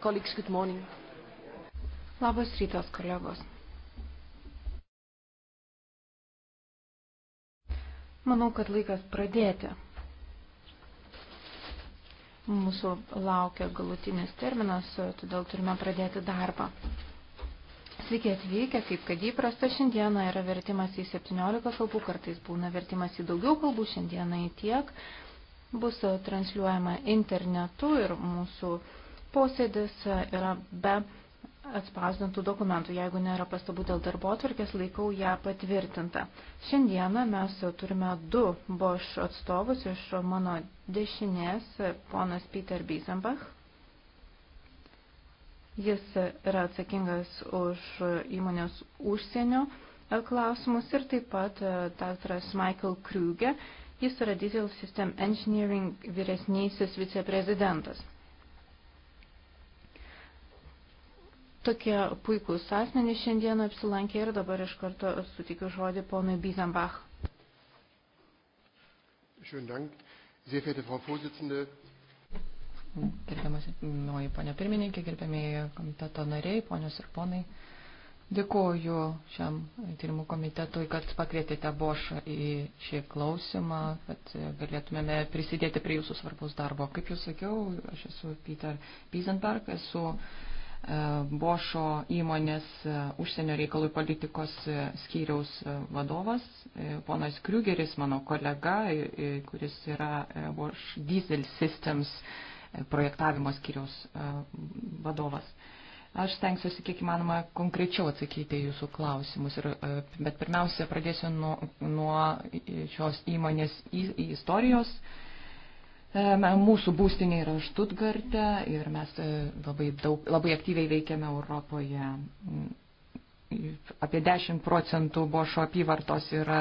Colleagues, good morning. Labas rytas, kolegos. Manau, kad laikas pradėti. Mūsų laukia galutinis terminas, todėl turime pradėti darbą. Sveiki atvykę, kaip kad įprasta šiandieną yra vertimas į 17 kalbų, kartais būna vertimas į daugiau kalbų, šiandieną į tiek. Bus transliuojama internetu ir mūsų uh, posėdis e, yra be atspausdintų dokumentų. Jeigu nėra pastabų dėl darbo atvarkės, laikau ją patvirtintą. Šiandieną mes turime du Bosch atstovus iš mano dešinės, ponas Peter Biesenbach. Jis yra atsakingas už įmonės užsienio e, klausimus ir taip pat e, daktaras Michael Kruger. Jis yra Diesel System Engineering vyresnysis viceprezidentas. Tokie puikūs asmenys šiandien apsilankė ir dabar iš karto sutikiu žodį ponui Bizenbach. Gerbiamas, nuoji ponia pirmininkė, gerbiamieji komiteto nariai, ponios ir ponai, dėkuoju šiam tyrimų komitetui, kad pakvietėte Bošą į šį klausimą, kad galėtumėme prisidėti prie jūsų svarbus darbo. Kaip jūs sakiau, aš esu Peter Bizenberg, esu uh, E, Bošo įmonės e, užsienio reikalų politikos e, skyriaus vadovas, ponas Kriugeris, mano kolega, kuris yra Bosch Diesel Systems projektavimo skyriaus vadovas. Aš stengsiuosi kiek įmanoma konkrečiau atsakyti jūsų klausimus, ir, bet pirmiausia, pradėsiu nuo, nuo šios įmonės istorijos. Į, Mūsų būstinė yra Štutgarte ir mes e, labai, daug, labai aktyviai veikiame Europoje. Apie 10 procentų bošo apyvartos yra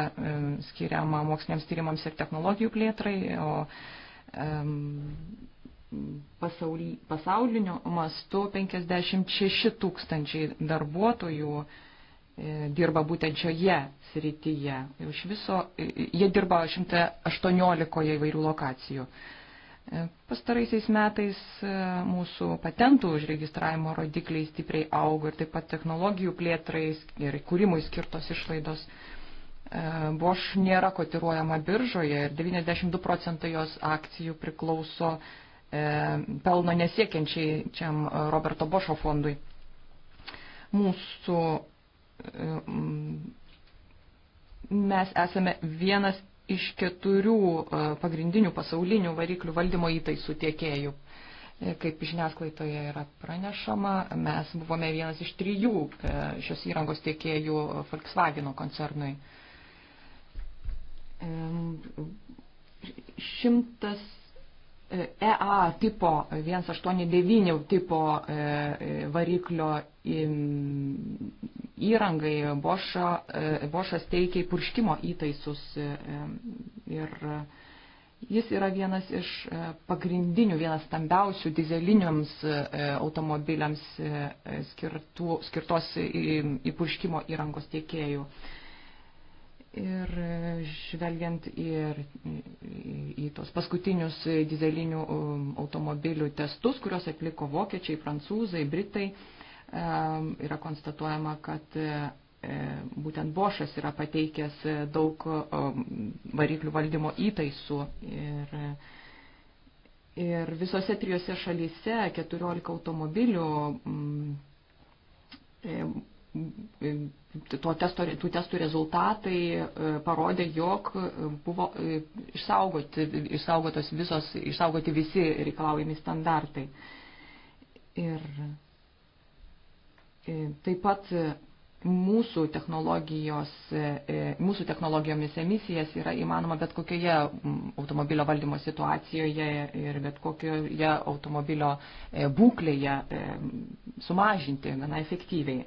skiriama moksliniams tyrimams ir technologijų plėtrai, o pasaulį, pasauliniu mastu 56 tūkstančiai darbuotojų e, dirba būtent šioje srityje. Iš viso jie dirba 118 įvairių lokacijų. Pastaraisiais metais e, mūsų patentų užregistravimo rodikliai stipriai augo ir taip pat technologijų plėtrai ir kūrimui skirtos išlaidos. E, Bosch nėra kotiruojama biržoje ir 92 procentai jos akcijų priklauso e, pelno nesiekiančiai čiam Roberto Bošo fondui. Mūsų mes esame vienas iš keturių e, pagrindinių pasaulinių variklių valdymo įtaisų tiekėjų. E, kaip žiniasklaidoje yra pranešama, mes buvome vienas iš trijų e, šios įrangos tiekėjų Volkswageno koncernui. 100 EA tipo 189 tipo variklio įrangai, Boša, e, Bošas teikia purškimo įtaisus e, ir jis yra vienas iš e, pagrindinių, vienas stambiausių dizeliniams automobiliams skirtų, skirtos įpurškimo įrangos tiekėjų. Ir žvelgiant ir į tos paskutinius dizelinių um, automobilių testus, kuriuos atliko vokiečiai, prancūzai, britai, yra konstatuojama, kad e, e, būtent Bošas yra pateikęs e, daug variklių valdymo įtaisų ir, ir visose trijose šalyse 14 automobilių to testo, tų testų rezultatai parodė, jog buvo išsaugoti, išsaugotos visos, išsaugoti visi reikalaujami standartai. Ir E, taip pat e, mūsų, e, mūsų technologijomis emisijas yra įmanoma bet kokioje automobilio valdymo situacijoje ir bet kokioje automobilio būklėje sumažinti gana efektyviai.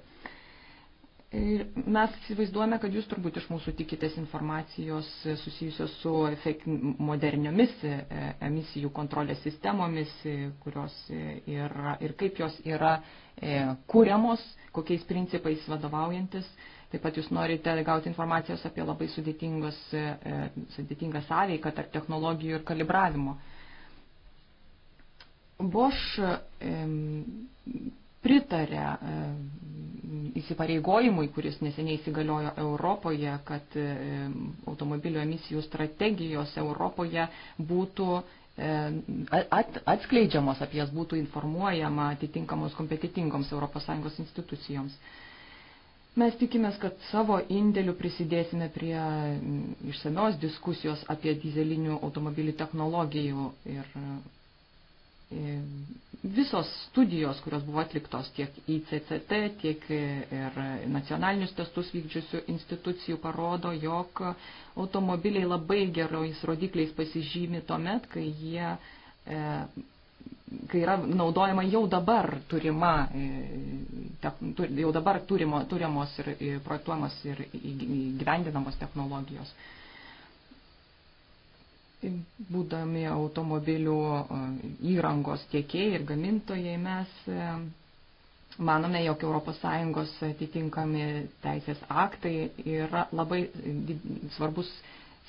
Mes įsivaizduojame, kad jūs turbūt iš mūsų tikitės informacijos susijusios su moderniomis e, emisijų kontrolės sistemomis, e, kurios e, yra ir kaip jos yra kūriamos, kokiais principais vadovaujantis. Taip pat jūs norite gauti informacijos apie labai sudėtingą sąveiką tarp technologijų ir kalibravimo. Bosch pritarė įsipareigojimui, kuris neseniai įsigaliojo Europoje, kad e, automobilio emisijų strategijos Europoje būtų e, at, atskleidžiamos, apie jas būtų informuojama atitinkamos kompetitingoms ES institucijoms. Mes tikimės, kad savo indėliu prisidėsime prie išsamios diskusijos apie dizelinių automobilių technologijų ir E, visos studijos, kurios buvo atliktos tiek ICCT, tiek ir nacionalinius testus vykdžiusių institucijų, parodo, jog automobiliai labai gerojais rodikliais pasižymi tuomet, kai jie e, kai yra naudojama jau dabar turima, e, jau dabar turimo, turimos ir projektuojamos ir gyvendinamos technologijos būdami automobilių įrangos tiekėjai ir gamintojai, mes manome, jog ES atitinkami teisės aktai yra labai svarbus,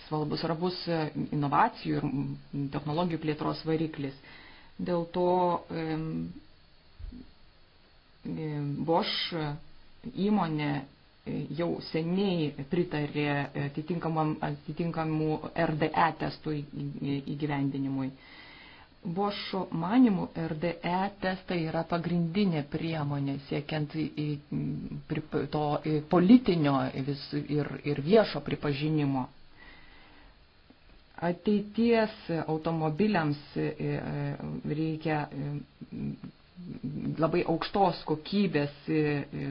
svarbus, svarbus e, inovacijų ir technologijų plėtros variklis. Dėl to Bosch e, įmonė jau seniai pritarė atitinkamų RDE testų įgyvendinimui. Bošo manimų RDE testai yra pagrindinė priemonė siekiant į, pri, to į politinio vis, ir, ir viešo pripažinimo. Ateities automobiliams e, e, reikia e, labai aukštos kokybės e, e,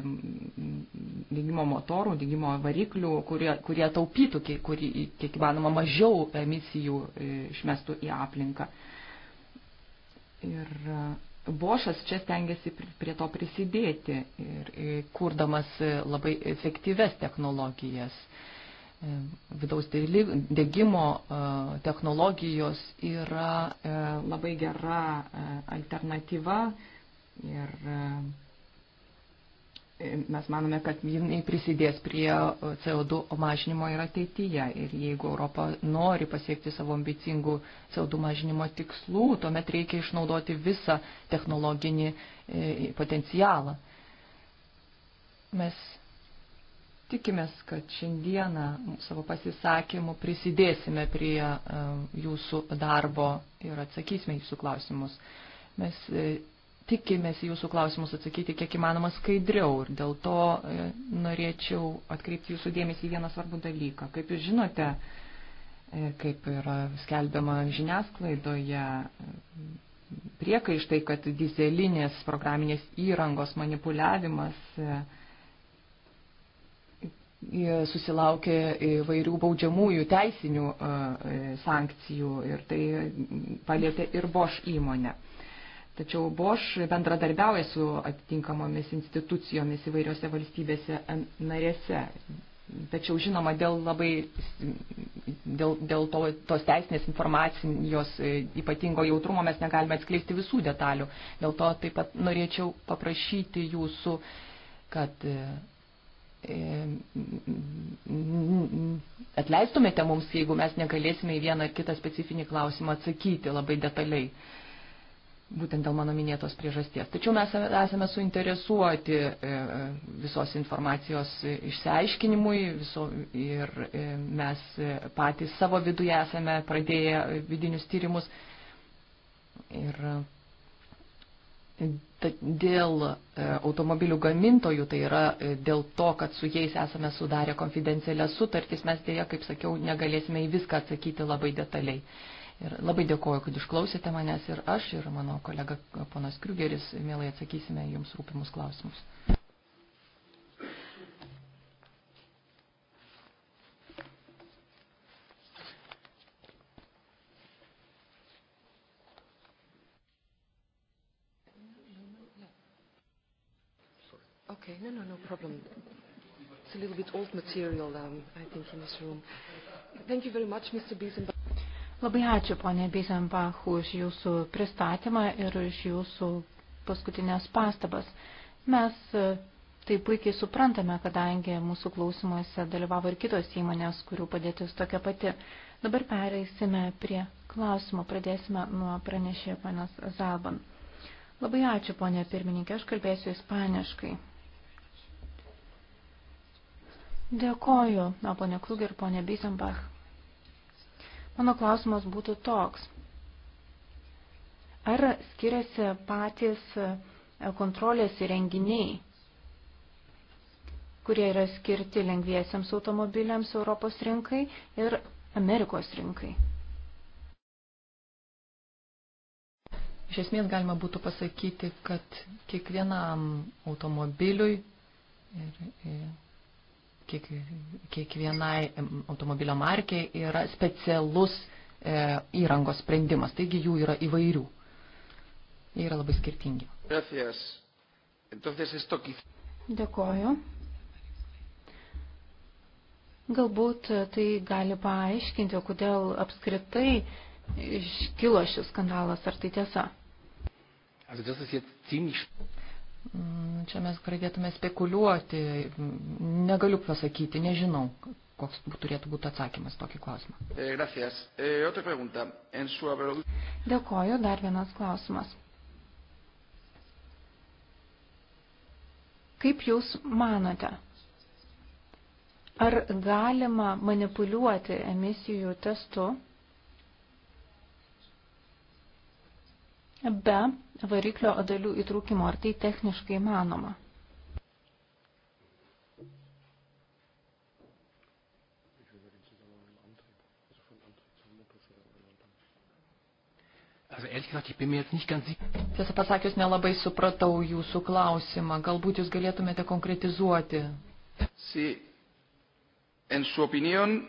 dygimo motorų, dygimo variklių, kurie, kurie taupytų, kiek įmanoma, mažiau emisijų e, išmestų į aplinką. Ir Bošas čia stengiasi prie to prisidėti ir kurdamas labai efektyves technologijas vidaus degimo technologijos yra labai gera alternatyva Ir e, mes manome, kad jinai prisidės prie e, CO2 mažinimo ir ateityje. Ir jeigu Europa nori pasiekti savo ambicingų CO2 mažinimo tikslų, tuomet reikia išnaudoti visą technologinį e, potencialą. Mes tikimės, kad šiandieną savo pasisakymu prisidėsime prie jūsų darbo ir atsakysime jūsų klausimus. Mes tikimės jūsų klausimus atsakyti kiek įmanoma skaidriau ir dėl to e, norėčiau atkreipti jūsų dėmesį į vieną svarbų dalyką. Kaip jūs žinote, e, kaip yra skelbiama žiniasklaidoje, e, priekaištai, kad dizelinės programinės įrangos manipuliavimas susilaukė įvairių baudžiamųjų teisinių sankcijų ir tai palėtė ir Bosch įmonę. Tačiau Bosch bendradarbiauja su atitinkamomis institucijomis įvairiose valstybėse e, narėse. Tačiau, žinoma, dėl, labai, dėl, dėl to, tos teisinės informacijos e, ypatingo jautrumo mes negalime atskleisti visų detalių. Dėl to taip pat norėčiau paprašyti jūsų, kad e, atleistumėte mums, jeigu mes negalėsime į vieną ar kitą specifinį klausimą atsakyti labai detaliai būtent dėl mano minėtos priežasties. Tačiau mes esame suinteresuoti e, e, visos informacijos išsiaiškinimui viso, ir e, mes patys savo viduje esame pradėję vidinius tyrimus. Ir dėl automobilių gamintojų, tai yra dėl to, kad su jais esame sudarę konfidencialias sutartis, mes dėja, kaip sakiau, negalėsime į viską atsakyti labai detaliai. Ir labai dėkoju, kad išklausėte manęs ir aš, ir mano kolega ponas Kriugeris, mielai atsakysime jums rūpimus klausimus. Okay, no, no, no problem. It's a little bit old material, um, I think, in this room. Thank you very much, Mr. Biesenbach. Labai ačiū, ponė Bizembach, už jūsų pristatymą ir už jūsų paskutinės pastabas. Mes tai puikiai suprantame, kadangi mūsų klausimuose dalyvavo ir kitos įmonės, kurių padėtis tokia pati. Dabar pereisime prie klausimo, pradėsime nuo pranešėjo panas Zalban. Labai ačiū, ponė pirmininkė, aš kalbėsiu ispaniškai. Dėkoju, ponė Kluger, ponė Bizembach Mano klausimas būtų toks. Ar skiriasi patys e, kontrolės įrenginiai, kurie yra skirti lengviesiams automobiliams Europos rinkai ir Amerikos rinkai? Iš esmės galima būtų pasakyti, kad kiekvienam automobiliui ir, ir kiek, kiekvienai automobilio markiai yra specialus e, įrangos sprendimas, taigi jų yra įvairių. Jie yra labai skirtingi. Dėkoju. Galbūt e, tai gali paaiškinti, kodėl apskritai iškilo šis skandalas, ar tai tiesa? Also das ist jetzt ziemlich Mm, čia mes pradėtume spekuliuoti, negaliu pasakyti, nežinau, koks turėtų būti atsakymas tokį klausimą. Eh, eh, Dėkoju, dar vienas klausimas. Kaip Jūs manote, ar galima manipuliuoti emisijų testu be variklio dalių įtrūkimo. Ar tai techniškai manoma? Tiesą pasakius, nelabai supratau jūsų klausimą. Galbūt jūs galėtumėte konkretizuoti. Si, en su opinión,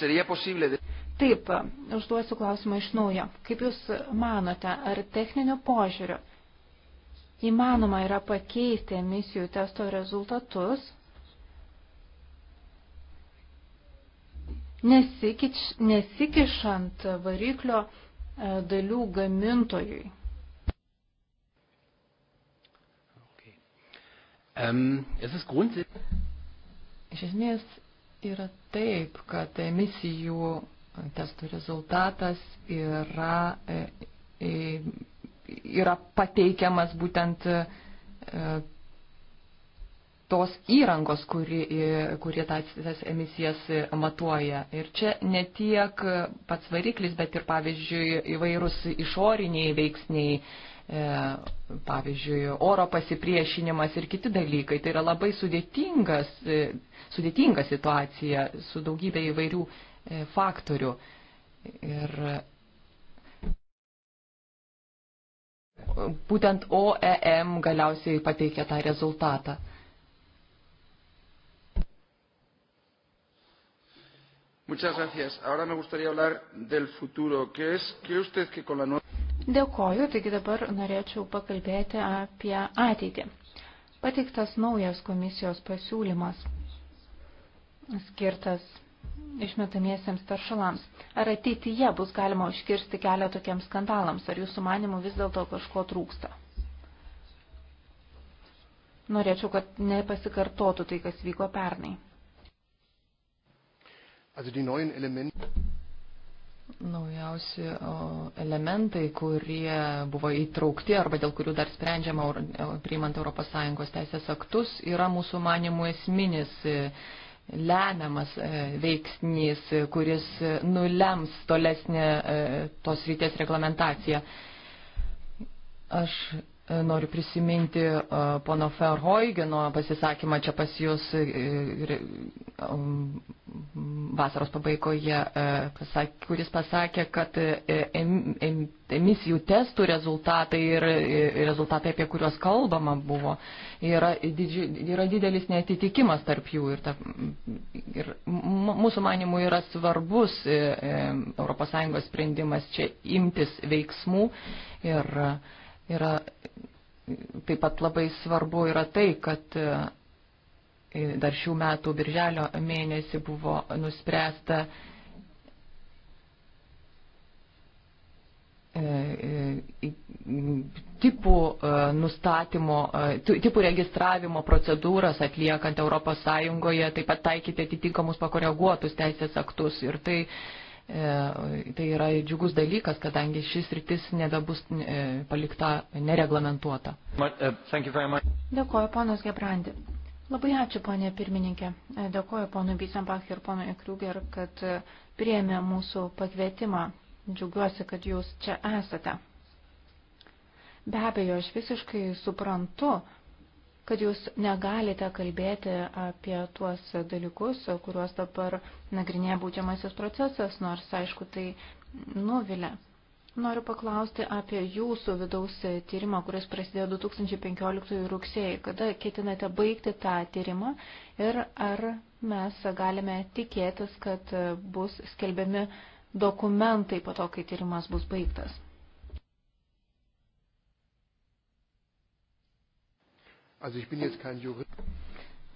sería posible... De... Taip, užduosiu klausimą iš naujo. Kaip Jūs manote, ar techninio požiūrio įmanoma yra pakeisti emisijų testo rezultatus, nesikič, nesikišant variklio e, dalių gamintojui? Okay. Um, grunds... Iš esmės yra taip, kad emisijų testų rezultatas yra, e, e, yra pateikiamas būtent e, tos įrangos, kuri, kurie tas, tas emisijas matuoja. Ir čia ne tiek pats variklis, bet ir, pavyzdžiui, įvairūs išoriniai veiksniai, pavyzdžiui, oro pasipriešinimas ir kiti dalykai. Tai yra labai sudėtingas, sudėtinga situacija su daugybė įvairių E, faktorių. Ir būtent OEM galiausiai pateikė tą rezultatą. Muchas gracias. Ahora me gustaría hablar del futuro. ¿Qué es? ¿Cree usted que con la nueva... Dėkoju, taigi dabar norėčiau pakalbėti apie ateitį. Pateiktas naujas komisijos pasiūlymas skirtas išmetamiesiems taršalams. Ar ateityje bus galima užkirsti kelią tokiems skandalams, ar jūsų manimų vis dėlto kažko trūksta? Norėčiau, kad nepasikartotų tai, kas vyko pernai. Naujausi elementai, kurie buvo įtraukti arba dėl kurių dar sprendžiama priimant ES teisės aktus, yra mūsų manimų esminis lemiamas e, veiksnys, e, kuris e, nulems tolesnė tos ryties reglamentacija. Aš E, noriu prisiminti e, pono Ferhoigeno pasisakymą čia pas jūs e, um, vasaros pabaigoje, kuris pasakė, kad emisijų testų rezultatai ir rezultatai, apie kuriuos kalbama buvo, yra, didži, yra didelis netitikimas tarp jų. Ir, ta, ir mūsų manimų yra svarbus ES sprendimas čia imtis veiksmų. Ir, yra Taip pat labai svarbu yra tai, kad e, dar šių metų birželio mėnesį buvo nuspręsta e, e, tipų nustatymo, tipų registravimo procedūras atliekant ES, taip pat taikyti atitinkamus pakoreguotus teisės aktus. Ir tai E, tai yra džiugus dalykas, kadangi šis rytis nebebus e, palikta nereglamentuota. Uh, Dėkuoju, ponas Gebrandi. Labai ačiū, ponė pirmininkė. E, Dėkuoju ponui Bisenbach ir ponui Kruger, kad priėmė mūsų pakvietimą. Džiaugiuosi, kad jūs čia esate. Be abejo, aš visiškai suprantu, kad jūs negalite kalbėti apie tuos dalykus, kuriuos dabar nagrinėja būtiamasis procesas, nors aišku tai nuvilia. Noriu paklausti apie jūsų vidaus tyrimą, kuris prasidėjo 2015 rugsėjai. Kada ketinate baigti tą tyrimą ir ar mes galime tikėtis, kad bus skelbiami dokumentai po to, kai tyrimas bus baigtas?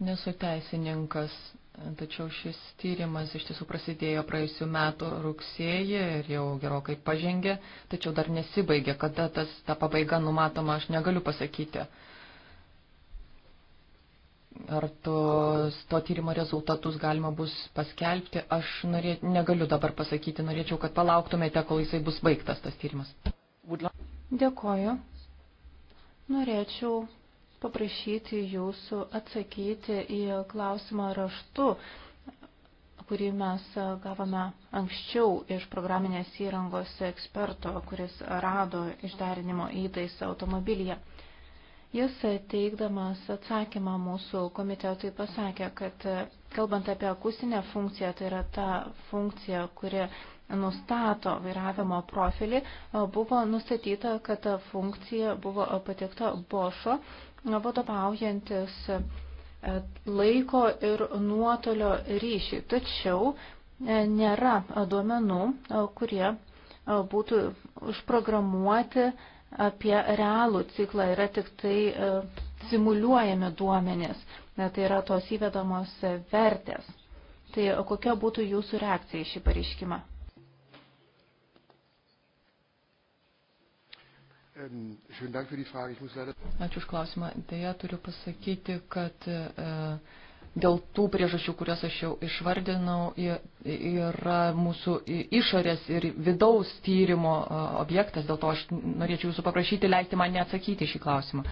Nesu teisininkas, tačiau šis tyrimas iš tiesų prasidėjo praėjusiu metu rugsėjį ir jau gerokai pažengė, tačiau dar nesibaigė. Kada tas, ta pabaiga numatoma, aš negaliu pasakyti. Ar to, to tyrimo rezultatus galima bus paskelbti, aš norė, negaliu dabar pasakyti, norėčiau, kad palauktumėte, kol jisai bus baigtas tas tyrimas. Dėkoju. Norėčiau paprašyti jūsų atsakyti į klausimą raštu, kurį mes gavome anksčiau iš programinės įrangos eksperto, kuris rado išderinimo įtaisą automobilyje. Jis teikdamas atsakymą mūsų komitetui pasakė, kad kalbant apie akusinę funkciją, tai yra ta funkcija, kuri nustato vairavimo profilį, buvo nustatyta, kad ta funkcija buvo patikta Bošo vadovaujantis e, laiko ir nuotolio ryšiai. Tačiau e, nėra e, duomenų, kurie būtų užprogramuoti apie realų ciklą, yra tik tai simuliuojami duomenys, tai yra tos įvedamos vertės. Tai kokia būtų jūsų reakcija į šį pareiškimą? Ähm, Ačiū už klausimą. Deja, turiu pasakyti, kad e, dėl tų priežasčių, kurias aš jau išvardinau, yra mūsų išorės ir vidaus tyrimo e, objektas. Dėl to aš norėčiau jūsų paprašyti leisti man neatsakyti šį klausimą.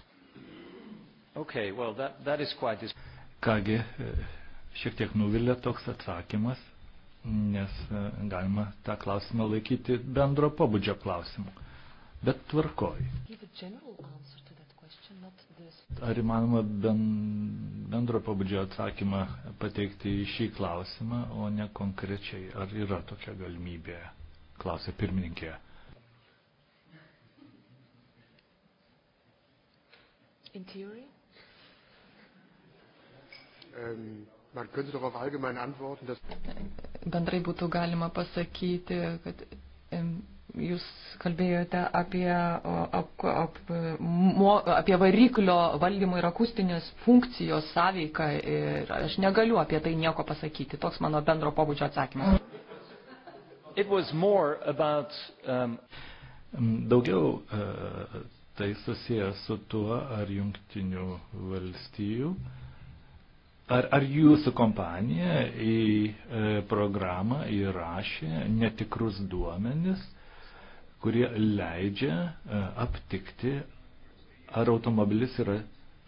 Okay, well, that, that quite... Kągi, e, šiek tiek nuvilia toks atsakymas, nes galima tą klausimą laikyti bendro pabudžio klausimu bet tvarkoj. Ar įmanoma ben, bendro pabudžio atsakymą pateikti į šį klausimą, o ne konkrečiai, ar yra tokia galimybė, klausė pirmininkė. In theory? Um. Man könnte darauf allgemein antworten, dass. Bendrai būtų galima pasakyti, kad Jūs kalbėjote apie, ap, ap, mo, apie variklio valdymo ir akustinės funkcijos sąveiką ir aš negaliu apie tai nieko pasakyti. Toks mano bendro pobūdžio atsakymas. About, um... Mm, daugiau uh, tai susijęs su tuo, ar jungtinių valstijų, ar, ar jūsų kompanija į uh, programą įrašė netikrus duomenis kurie leidžia e, aptikti, ar automobilis yra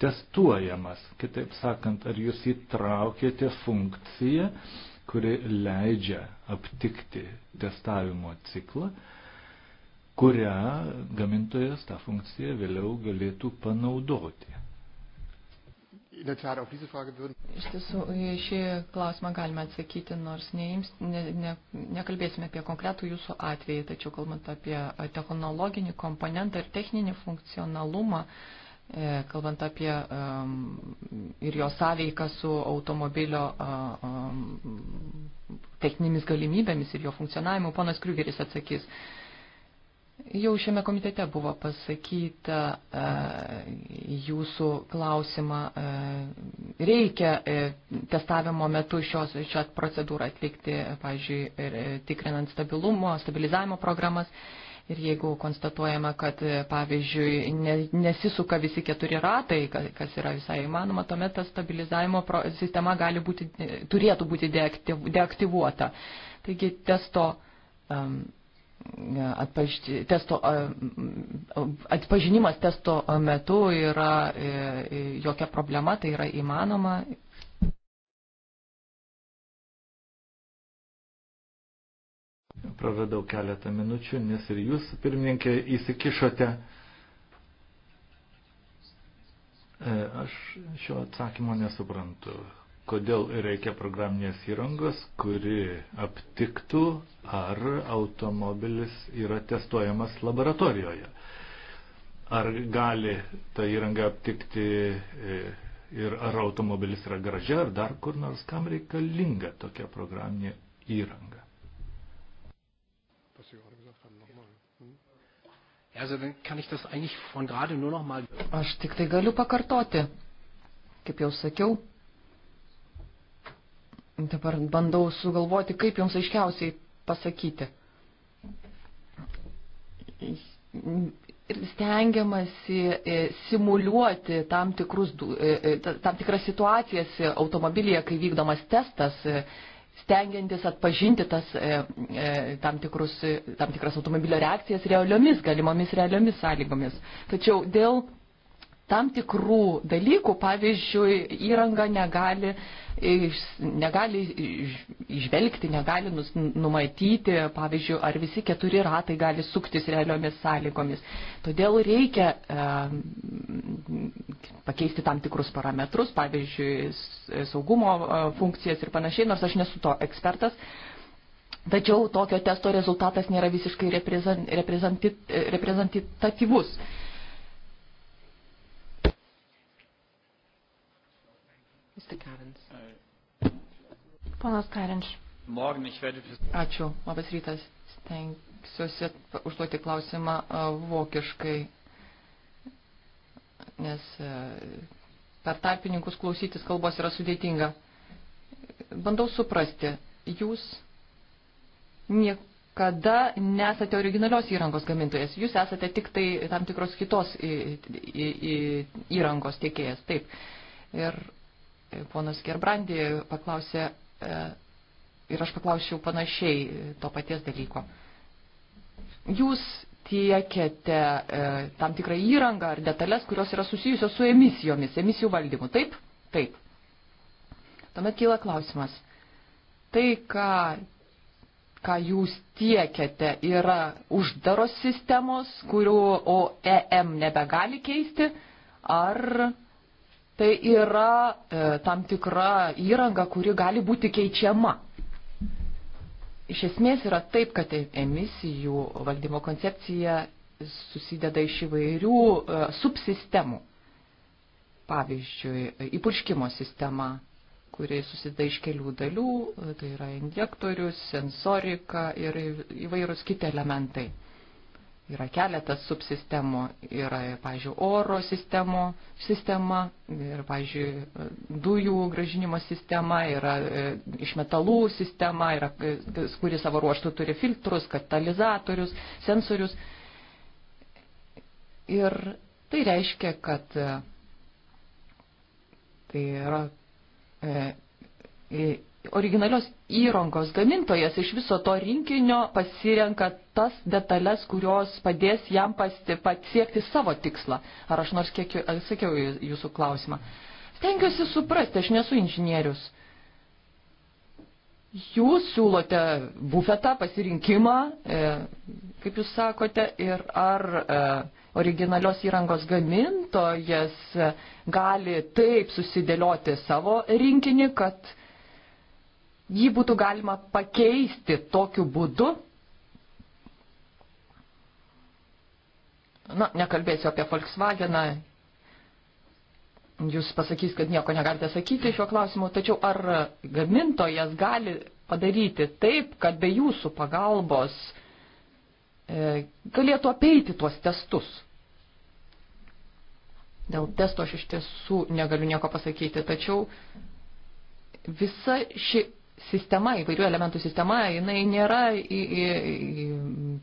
testuojamas. Kitaip sakant, ar jūs įtraukėte funkciją, kuri leidžia aptikti testavimo ciklą, kurią gamintojas tą funkciją vėliau galėtų panaudoti. Iš tiesų, šį klausimą galime atsakyti, nors neims, ne, ne, nekalbėsime apie konkretų jūsų atvejį, tačiau kalbant apie technologinį komponentą ir techninį funkcionalumą, e, kalbant apie um, ir jo sąveiką su automobilio um, techninėmis galimybėmis ir jo funkcionavimu, ponas Kriugeris atsakys. Uh, Jau šiame komitete buvo pasakyta e, jūsų klausimą, e, reikia e, testavimo metu šios, šią procedūrą atlikti, pavyzdžiui, ir, e, tikrinant stabilumo, stabilizavimo programas. Ir jeigu konstatuojama, kad, e, pavyzdžiui, ne, nesisuka visi keturi ratai, kas yra visai įmanoma, tuomet ta stabilizavimo pro, sistema gali būti, turėtų būti deaktyvuota. Taigi testo um, atpaž, testo, atpažinimas testo metu yra e, e, jokia problema, tai yra įmanoma. Pravedau keletą minučių, nes ir jūs, pirmininkė, įsikišote. E, aš šio atsakymo nesuprantu kodėl reikia programinės įrangos, kuri aptiktų, ar automobilis yra testuojamas laboratorijoje. Ar gali ta įranga aptikti e, ir ar automobilis yra gražia, ar dar kur nors, kam reikalinga tokia programinė įranga. Also, dann kann ich das eigentlich von gerade nur noch mal. Aš tik tai galiu pakartoti. Kaip jau sakiau, Dabar bandau sugalvoti, kaip jums aiškiausiai pasakyti. Ir stengiamasi e, simuliuoti tam, tikrus, e, e, tam tikras situacijas automobilyje, kai vykdomas testas, stengiantis atpažinti tas, tam, tikrus, tam tikras automobilio reakcijas realiomis, galimomis realiomis sąlygomis. Tačiau dėl tam tikrų dalykų, pavyzdžiui, įranga negali, negali išvelgti, negali numatyti, pavyzdžiui, ar visi keturi ratai gali suktis realiomis sąlygomis. Todėl reikia e, pakeisti tam tikrus parametrus, pavyzdžiui, saugumo e, funkcijas ir panašiai, nors aš nesu to ekspertas. Tačiau tokio testo rezultatas nėra visiškai reprezentatyvus. Reprezent, reprezent, Mr. Karins. Ponas Karinč. Ačiū. Labas rytas. Stengsiuosi užduoti klausimą vokiškai, nes per tarpininkus klausytis kalbos yra sudėtinga. Bandau suprasti, jūs niekada nesate originalios įrangos gamintojas, jūs esate tik tai tam tikros kitos įrangos tiekėjas. Taip. Ir ponas Gerbrandi paklausė e, ir aš paklausiau panašiai to paties dalyko. Jūs tiekiate e, tam tikrą įrangą ar detalės, kurios yra susijusios su emisijomis, emisijų valdymu. Taip? Taip. Tuomet kyla klausimas. Tai, ką, ką jūs tiekiate, yra uždaros sistemos, kurių OEM nebegali keisti, ar tai yra e, tam tikra įranga, kuri gali būti keičiama. Iš esmės yra taip, kad emisijų valdymo koncepcija susideda iš įvairių e, subsistemų. Pavyzdžiui, įpurškimo sistema, kuri susideda iš kelių dalių, e, tai yra injektorius, sensorika ir įvairūs kiti elementai. Yra keletas subsistemų, yra, pavyzdžiui, oro sistemo, sistema, ir, pavyzdžiui, dujų gražinimo sistema, yra e, iš metalų sistema, yra, e, kuri savo ruoštų turi filtrus, katalizatorius, sensorius. Ir tai reiškia, kad e, tai yra e, originalios įrangos gamintojas iš viso to rinkinio pasirenka tas detalės, kurios padės jam pasti, pasiekti savo tikslą. Ar aš nors kiek atsakiau jūsų klausimą? Stengiuosi suprasti, aš nesu inžinierius. Jūs siūlote bufetą, pasirinkimą, e, kaip jūs sakote, ir ar e, originalios įrangos gamintojas e, gali taip susidėlioti savo rinkinį, kad jį būtų galima pakeisti tokiu būdu. Na, nekalbėsiu apie Volkswageną. Jūs pasakys, kad nieko negalite sakyti šiuo klausimu, tačiau ar gamintojas gali padaryti taip, kad be jūsų pagalbos e, galėtų apeiti tuos testus? Dėl testo aš iš tiesų negaliu nieko pasakyti, tačiau visa ši sistema, įvairių elementų sistema, jinai nėra į, į,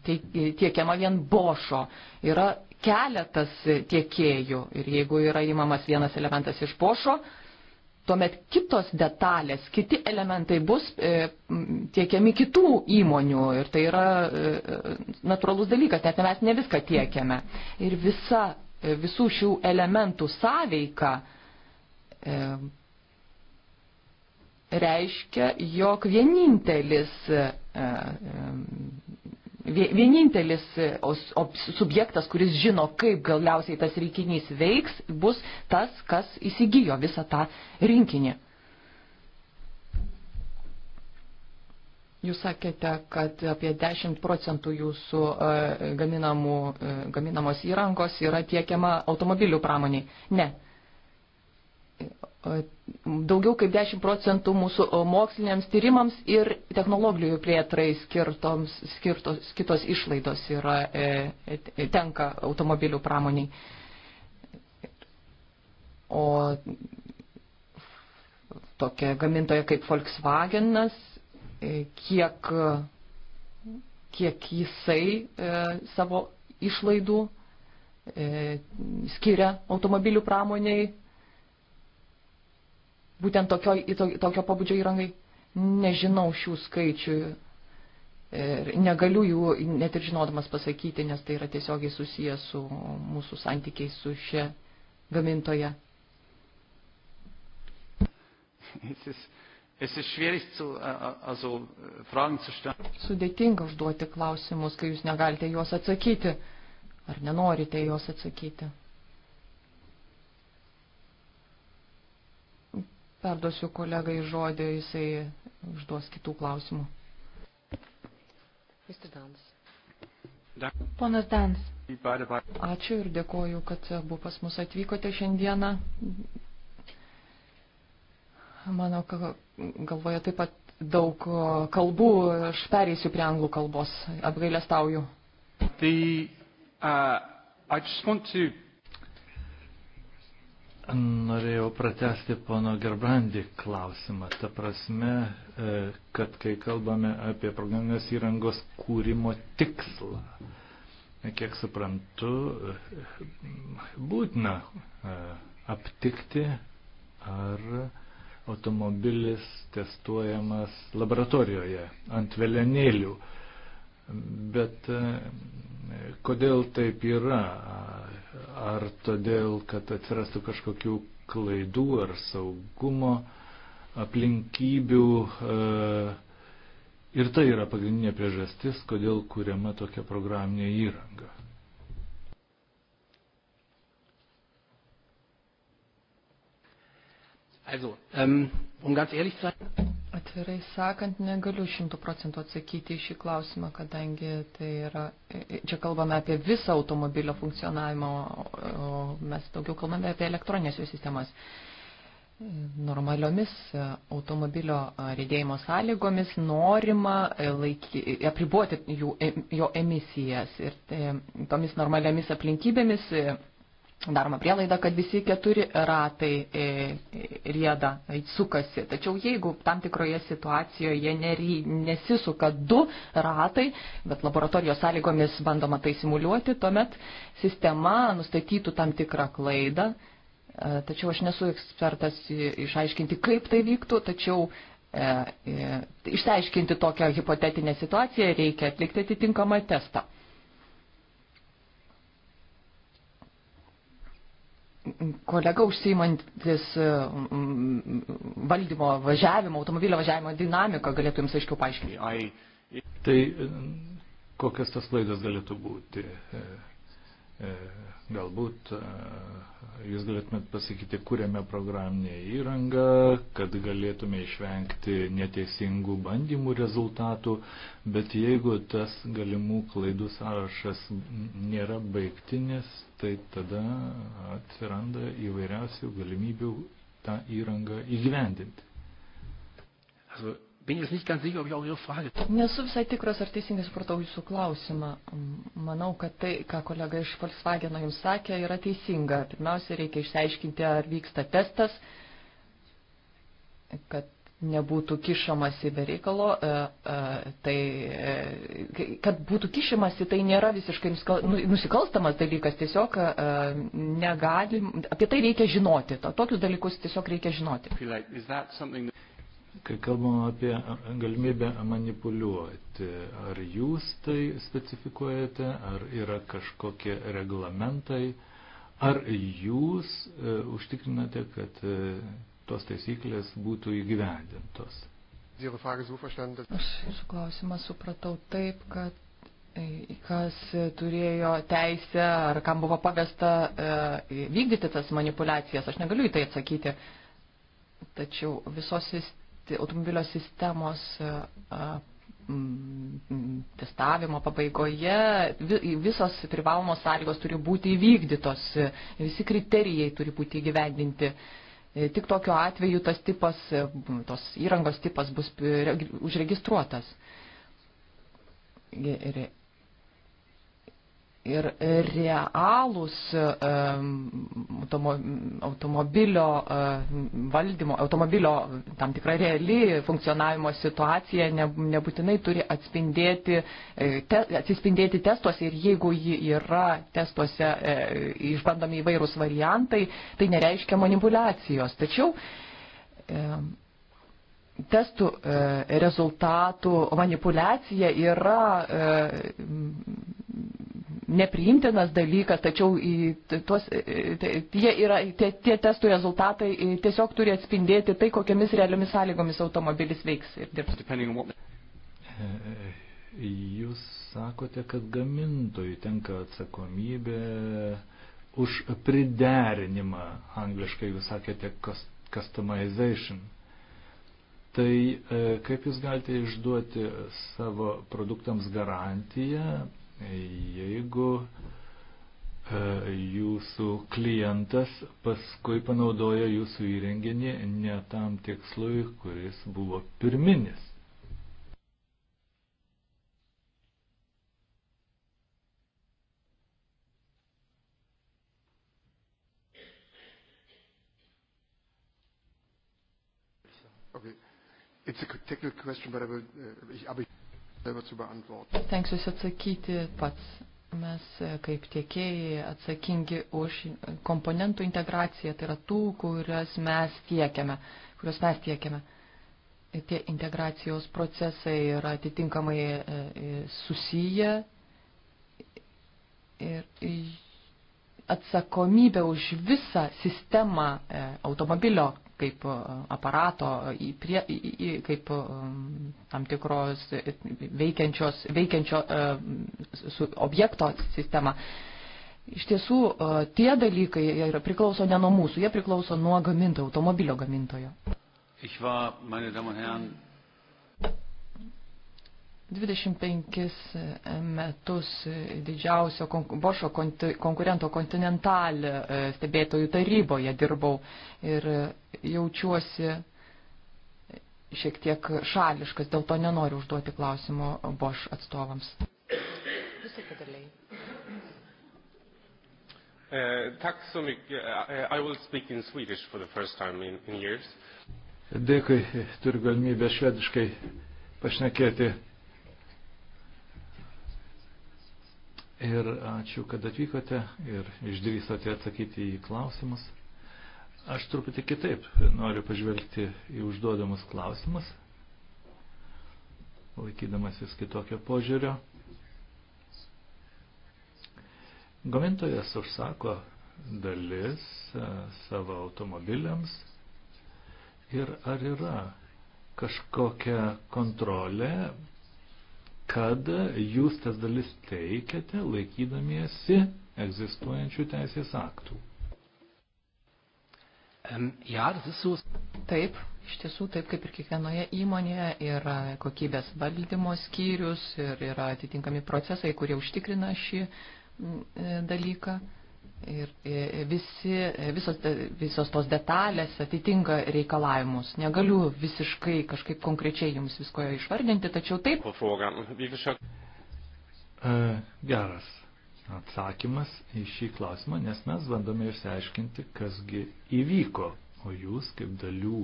į, tiekiama vien bošo. Yra keletas tiekėjų ir jeigu yra įmamas vienas elementas iš bošo, tuomet kitos detalės, kiti elementai bus e, tiekiami kitų įmonių ir tai yra e, natūralus dalykas, net mes ne viską tiekiame. Ir visa, e, visų šių elementų sąveika e, reiškia, jog vienintelis, e, e, vienintelis subjektas, kuris žino, kaip galiausiai tas rinkinys veiks, bus tas, kas įsigijo visą tą rinkinį. Jūs sakėte, kad apie 10 procentų jūsų e, gaminamų, gaminamos įrangos yra tiekiama automobilių pramoniai. Ne daugiau kaip 10 procentų mūsų moksliniams tyrimams ir technologijų plėtrai skirtoms, skirtos, kitos išlaidos yra, e, e, tenka automobilių pramoniai. O tokia gamintoja kaip Volkswagenas, e, kiek, kiek jisai e, savo išlaidų e, skiria automobilių pramoniai būtent tokio, to, tokio pabudžio įrangai. Nežinau šių skaičių ir negaliu jų net ir žinodamas pasakyti, nes tai yra tiesiogiai susijęs su mūsų santykiais su šia gamintoje. Es ist, es ist schwierig zu, also, Fragen zu stellen. Sudėtinga užduoti klausimus, kai jūs negalite juos atsakyti ar nenorite juos atsakyti. Perduosiu kolegai žodį, jisai užduos kitų klausimų. Ponas Dans. Ačiū ir dėkoju, kad abu pas mus atvykote šiandieną. Mano galvoje taip pat daug kalbų, aš pereisiu prie anglų kalbos, apgailestauju. The, uh, Norėjau pratesti pono Gerbrandi klausimą. Ta prasme, e, kad kai kalbame apie programinės įrangos kūrimo tikslą, e, kiek suprantu, e, būtina aptikti, ar automobilis testuojamas laboratorijoje ant velenėlių. Bet kodėl taip yra? ar todėl, kad atsirastų kažkokių klaidų ar saugumo aplinkybių. E, ir tai yra pagrindinė priežastis, kodėl kuriama tokia programinė įranga. Also, ähm, um ganz ehrlich zu sein. Atvirai sakant, negaliu šimtų procentų atsakyti į šį klausimą, kadangi tai yra, e, e, čia kalbame apie visą automobilio funkcionavimą, o mes daugiau kalbame apie elektroninės jų sistemas. E, normaliomis automobilio rėdėjimo sąlygomis norima laiky, apriboti jų, jo emisijas ir tomis normaliomis aplinkybėmis Daroma prielaida, kad visi keturi ratai e, e, rieda, e, sukasi. Tačiau jeigu tam tikroje situacijoje nery, nesisuka du ratai, bet laboratorijos sąlygomis bandoma tai simuliuoti, tuomet sistema nustatytų tam tikrą klaidą. Tačiau aš nesu ekspertas išaiškinti, kaip tai vyktų, tačiau e, e, išsiaiškinti tokią hipotetinę situaciją reikia atlikti atitinkamą testą. kolega užsiimantis e, valdymo važiavimo, automobilio važiavimo dinamiką galėtų jums aiškiau paaiškinti. Tai e, kokias tas klaidas galėtų būti? E, E, galbūt e, jūs galėtumėt pasakyti, kuriame programinė įranga, kad galėtume išvengti neteisingų bandymų rezultatų, bet jeigu tas galimų klaidų sąrašas nėra baigtinis, tai tada atsiranda įvairiausių galimybių tą įrangą įgyvendinti. Also Bin jetzt nicht ganz sicher, ob ich auch Ihre Frage. Nesu visai tikras, ar teisingai supratau Jūsų klausimą. Manau, kad tai, ką kolega iš Volkswageno Jums sakė, yra teisinga. Pirmiausia, reikia išsiaiškinti, ar vyksta testas, kad nebūtų kišamasi be reikalo, e, e, tai, e, kad būtų kišamasi, tai nėra visiškai nu, nusikalstamas dalykas, tiesiog negalim, apie tai reikia žinoti, tokius dalykus tiesiog reikia žinoti kai kalbam apie galimybę manipuliuoti, ar jūs tai specifikuojate, ar yra kažkokie reglamentai, ar jūs e, užtikrinate, kad e, tos taisyklės būtų įgyvendintos. Aš jūsų klausimą supratau taip, kad e, kas turėjo teisę ar kam buvo pavesta e, vykdyti tas manipulacijas, aš negaliu į tai atsakyti. Tačiau visos sistemos automobilio sistemos e, testavimo pabaigoje visos privalomos sąlygos turi būti įvykdytos, visi kriterijai turi būti įgyvendinti. E, tik tokiu atveju tas tipas, e, tos įrangos tipas bus užregistruotas. Ir ir realūs automobilio valdymo, automobilio tam tikra reali funkcionavimo situacija nebūtinai turi atspindėti, e, te, atsispindėti testuose ir jeigu ji yra testuose e, išbandomi įvairūs variantai, tai nereiškia manipulacijos. Tačiau testų e, rezultatų manipulacija yra nepriimtinas dalykas, tačiau į tuos, e, e, tie, yra, tie, tie testų rezultatai e, tiesiog turi atspindėti tai, kokiamis realiomis sąlygomis automobilis veiks ir dirbs. Jūs sakote, kad gamintojui tenka atsakomybė už priderinimą, angliškai jūs sakėte customization. Tai kaip jūs galite išduoti savo produktams garantiją, jeigu e, jūsų klientas paskui panaudoja jūsų įrenginį ne tam tikslui, kuris buvo pirminis. Okay. It's a technical question, but I will, uh, ich, aber ich selber zu beantworten. Stengsiuosi atsakyti pats. Mes e, kaip tiekėjai atsakingi už komponentų integraciją, tai yra tų, kurias mes tiekiame, kurios mes tiekiame. Tie integracijos procesai yra atitinkamai e, e, susiję ir atsakomybė už visą sistemą automobilio kaip e, aparato, prie, kaip e, tam tikros veikiančios, veikiančio e, objekto sistema. Iš tiesų, tie dalykai yra, priklauso ne nuo mūsų, jie priklauso nuo gamintojo, automobilio gamintojo. Ich war, meine Damen und Herren, 25 e, metus didžiausio Bošo konkurento Continental e, stebėtojų taryboje dirbau ir jaučiuosi šiek tiek šališkas, dėl to nenoriu užduoti klausimo Boš atstovams. E, Dėkui, turiu galimybę švediškai pašnekėti. Ir ačiū, kad atvykote ir išdrįsote atsakyti į klausimus. Aš truputį kitaip noriu pažvelgti į užduodamus klausimus, laikydamas vis kitokio požiūrio. Gamintojas užsako dalis e, savo automobiliams ir ar yra kažkokia kontrolė kad jūs tas dalis teikiate laikydamiesi egzistuojančių teisės aktų. Ja, taip, iš tiesų, taip kaip ir kiekvienoje įmonėje yra kokybės valdymo skyrius ir yra atitinkami procesai, kurie užtikrina šį e, dalyką. Ir e, visi, e, visos, e, visos tos detalės atitinka reikalavimus. Negaliu visiškai kažkaip konkrečiai jums visko išvardinti, tačiau taip. Geras atsakymas į šį klausimą, nes mes bandome išsiaiškinti, kasgi įvyko, o jūs kaip dalių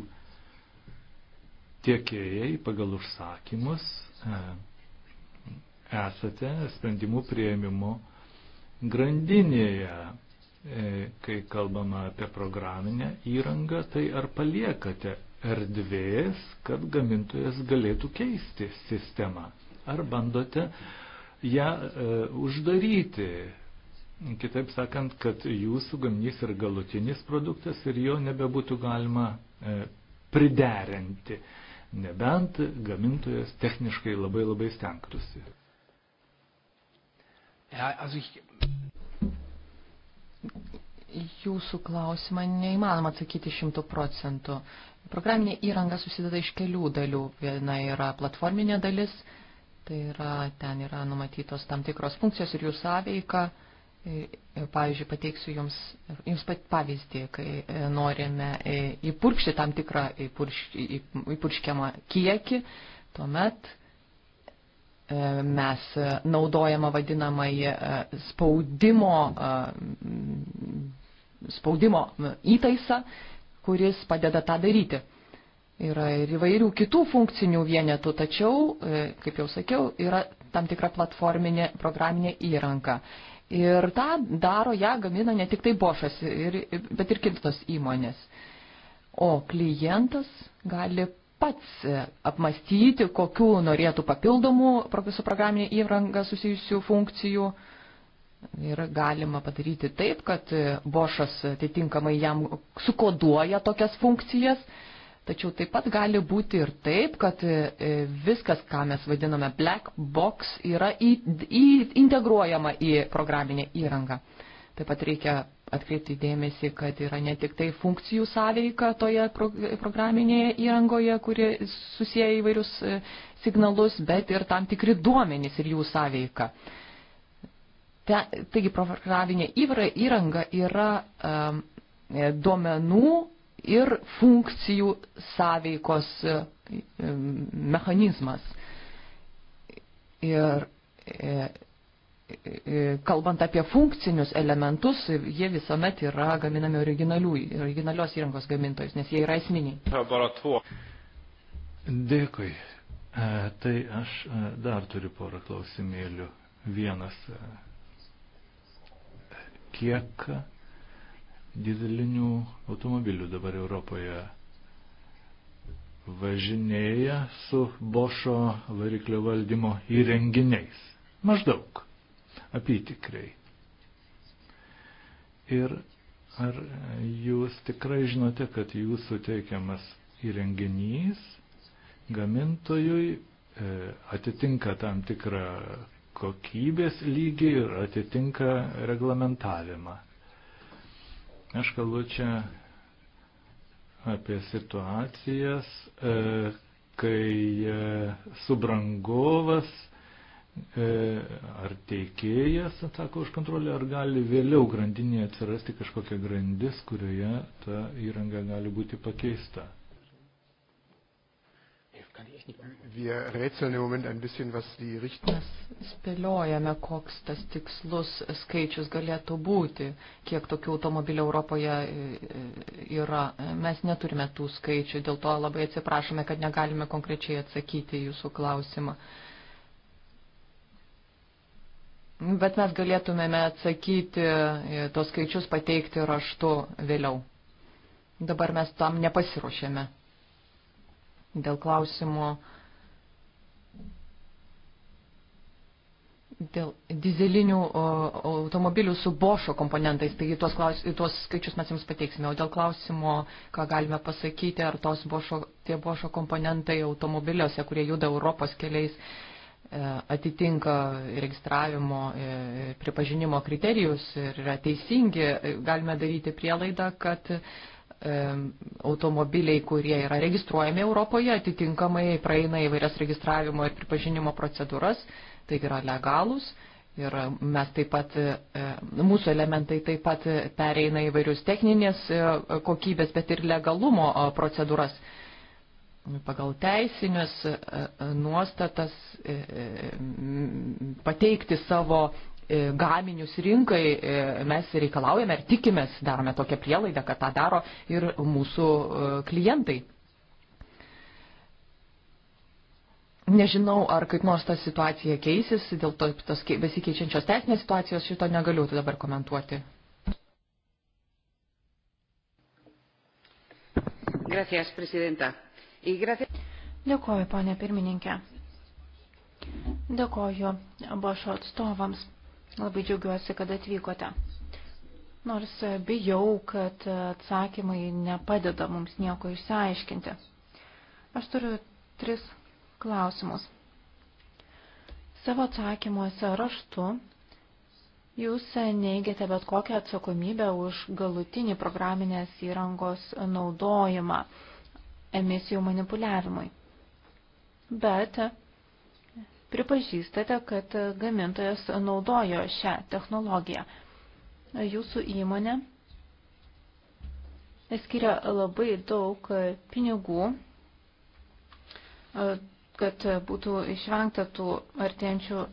tiekėjai pagal užsakymus esate sprendimų prieimimo grandinėje, e, kai kalbama apie programinę įrangą, tai ar paliekate erdvės, kad gamintojas galėtų keisti sistemą, ar bandote ją e, uždaryti. Kitaip sakant, kad jūsų gaminys yra galutinis produktas ir jo nebebūtų galima e, priderinti, nebent gamintojas techniškai labai labai stengtųsi. Ja, also ich... Jūsų klausimą neįmanoma atsakyti šimtų procentų. Programinė įranga susideda iš kelių dalių. Viena yra platforminė dalis, tai yra, ten yra numatytos tam tikros funkcijos ir jų sąveika. E, pavyzdžiui, pateiksiu Jums, jums pat pavyzdį, kai e, norime e, įpurkšti tam tikrą įpurš, įpurškiamą kiekį, tuomet E, mes e, naudojama vadinamai e, spaudimo, spaudimo įtaisa, kuris padeda tą daryti. Yra ir įvairių kitų funkcinių vienetų, tačiau, kaip jau sakiau, yra tam tikra platforminė programinė įranka. Ir tą daro, ją gamina ne tik tai Bošas, ir, bet ir kitos įmonės. O klientas gali pats e, apmastyti, kokiu norėtų papildomų su programinė įranga susijusių funkcijų. Ir galima padaryti taip, kad e, Bošas atitinkamai jam sukoduoja tokias funkcijas, tačiau taip pat gali būti ir taip, kad e, viskas, ką mes vadiname black box, yra į, į, integruojama į programinę įrangą. Taip pat reikia atkreipti dėmesį, kad yra ne tik tai funkcijų sąveika toje programinėje įrangoje, kuri susiję įvairius e, signalus, bet ir tam tikri duomenys ir jų sąveika. Te, taigi, programinė įranga yra um, duomenų ir funkcijų sąveikos um, mechanizmas. Ir, e, E, kalbant apie funkcinius elementus, jie visuomet yra gaminami originalių, originalios įrangos gamintojus, nes jie yra esminiai. Dėkui. E, tai aš e, dar turiu porą klausimėlių. Vienas. Kiek dizelinių automobilių dabar Europoje važinėja su Bošo variklio valdymo įrenginiais? Maždaug apytikriai. Ir ar jūs tikrai žinote, kad jūsų teikiamas įrenginys gamintojui e, atitinka tam tikrą kokybės lygį ir atitinka reglamentavimą. Aš kalbu čia apie situacijas, e, kai e, subrangovas E, ar teikėjas atsako už kontrolę, ar gali vėliau grandinėje atsirasti kažkokia grandis, kurioje ta įranga gali būti pakeista. Mes spėliojame, koks tas tikslus skaičius galėtų būti, kiek tokių automobilių Europoje e, e, yra. Mes neturime tų skaičių, dėl to labai atsiprašome, kad negalime konkrečiai atsakyti jūsų klausimą. Uh, Bet mes galėtumėme atsakyti, e, tos skaičius pateikti raštu vėliau. Dabar mes tam nepasiruošėme. Dėl klausimo. Dėl dizelinių automobilių su bošo komponentais, taigi tuos, klaus, tuos skaičius mes jums pateiksime. O dėl klausimo, ką galime pasakyti, ar tos bošo, tie bošo komponentai automobiliuose, kurie juda Europos keliais, E, atitinka registravimo e, pripažinimo kriterijus ir yra teisingi, e, galime daryti prielaidą, kad automobiliai, kurie yra registruojami Europoje, atitinkamai praeina įvairias registravimo ir pripažinimo procedūras, tai yra legalūs. Ir mes taip pat, mūsų elementai taip pat pereina įvairius techninės kokybės, bet ir legalumo procedūras pagal teisinius e, e, nuostatas e, pateikti savo gaminius rinkai, mes reikalaujame ir tikimės, darome tokią prielaidą, kad tą daro ir mūsų klientai. Nežinau, ar kaip nors ta situacija keisis, dėl to tos besikeičiančios teisinės situacijos šito negaliu dabar komentuoti. Gracias, presidenta. Dėkoju, ponė pirmininkė. Dėkoju Bošo atstovams. Labai džiaugiuosi, kad atvykote. Nors bijau, kad atsakymai nepadeda mums nieko išsiaiškinti. Aš turiu tris klausimus. Savo atsakymuose raštu Jūs neigiate bet kokią atsakomybę už galutinį programinės įrangos naudojimą emisijų manipuliavimui. Bet pripažįstate, kad gamintojas naudojo šią technologiją. Jūsų įmonė skiria labai daug pinigų, kad būtų išvengta tų artėjančių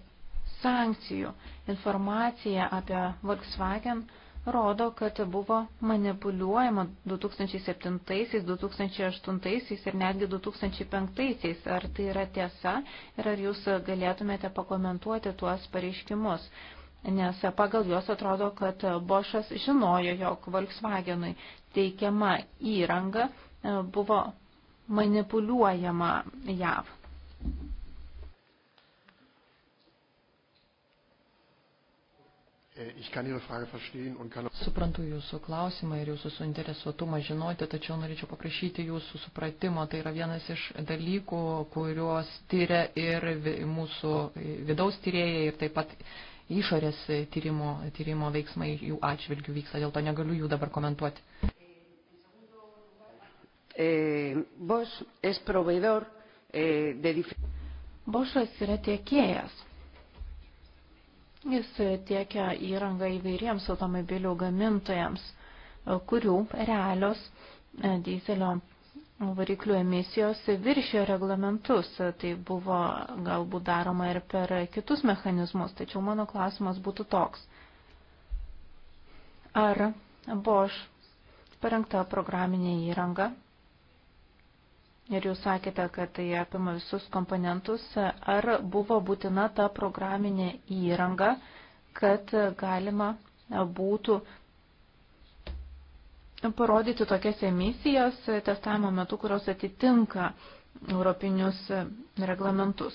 sankcijų. Informacija apie Volkswagen rodo, kad buvo manipuliuojama 2007, 2008 ir netgi 2005. Ar tai yra tiesa ir ar jūs galėtumėte pakomentuoti tuos pareiškimus? Nes pagal juos atrodo, kad Bošas žinojo, jog Volkswagenui teikiama įranga buvo manipuliuojama JAV. Äh, Suprantu jūsų klausimą ir jūsų suinteresuotumą žinoti, tačiau norėčiau paprašyti jūsų supratimo. Tai yra vienas iš dalykų, kuriuos tyria ir mūsų vidaus tyrėjai ir taip pat išorės tyrimo, tyrimo veiksmai jų atžvilgių vyksta, dėl to negaliu jų dabar komentuoti. Eh, Bosch es proveedor eh, de diferentes. Boschas yra tiekėjas Jis tiekia įrangą įvairiems automobilių gamintojams, kurių realios e, dizelio variklių emisijos viršė reglamentus. Tai buvo galbūt daroma ir per kitus mechanizmus, tačiau mano klausimas būtų toks. Ar Bosch parengta programinė įranga ir jūs sakėte, kad tai apima visus komponentus, ar buvo būtina ta programinė įranga, kad galima būtų parodyti tokias emisijas testavimo metu, kurios atitinka europinius reglamentus.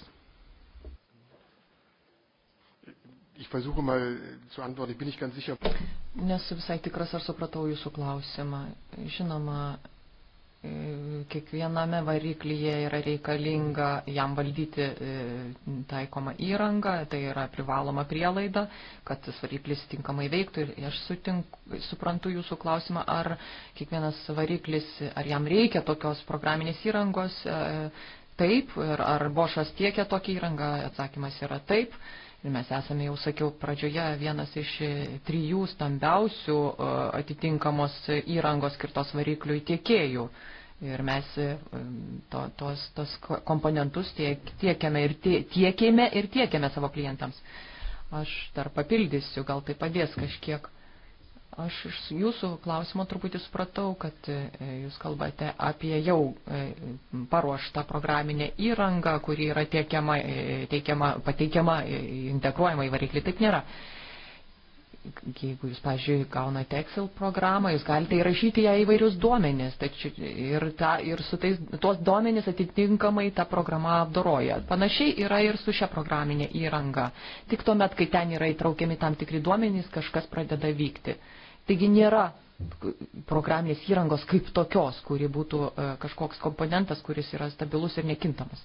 Nesu visai tikras, ar supratau jūsų klausimą. Žinoma, kiekviename variklyje yra reikalinga jam valdyti e, taikoma įranga, tai yra privaloma prielaida, kad tas variklis tinkamai veiktų. Ir aš sutink, suprantu jūsų klausimą, ar kiekvienas variklis, ar jam reikia tokios programinės įrangos. E, taip, ir ar Bošas tiekia tokį įrangą, atsakymas yra taip. Ir mes esame, jau sakiau, pradžioje vienas iš e, trijų stambiausių atitinkamos įrangos skirtos varikliui tiekėjų. Uh, Ir mes e, to, tos, tos komponentus tiek, tiekėme ir tie, tiekėme ir tiekėme savo klientams. Aš dar papildysiu, gal tai padės kažkiek. Aš iš jūsų klausimo truputį supratau, kad e, jūs kalbate apie jau e, paruoštą programinę įrangą, kuri yra tiekiama, teikiama, pateikiama, integruojama į variklį. Taip nėra jeigu jūs, pažiūrėjau, gaunate Excel programą, jūs galite įrašyti ją įvairius duomenis tačiau, ir, ta, ir su tais, tuos duomenis atitinkamai ta programa apdoroja. Panašiai yra ir su šia programinė įranga. Tik tuomet, kai ten yra įtraukiami tam tikri duomenys, kažkas pradeda vykti. Taigi nėra programinės įrangos kaip tokios, kuri būtų e, kažkoks komponentas, kuris yra stabilus ir nekintamas.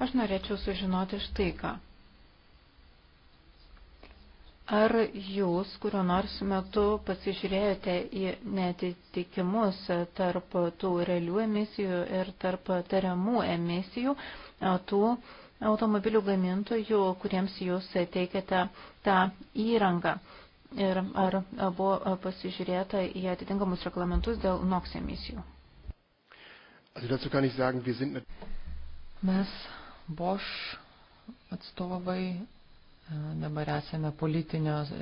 Aš norėčiau sužinoti štai ką Ar jūs kuriuo nors metu pasižiūrėjote į netitikimus tarp tų realių emisijų ir tarp tariamų emisijų tų automobilių gamintojų, kuriems jūs teikiate tą įrangą? Ir ar buvo pasižiūrėta į atitinkamus reglamentus dėl NOX emisijų? Mes Bosch atstovai Dabar esame politinės e,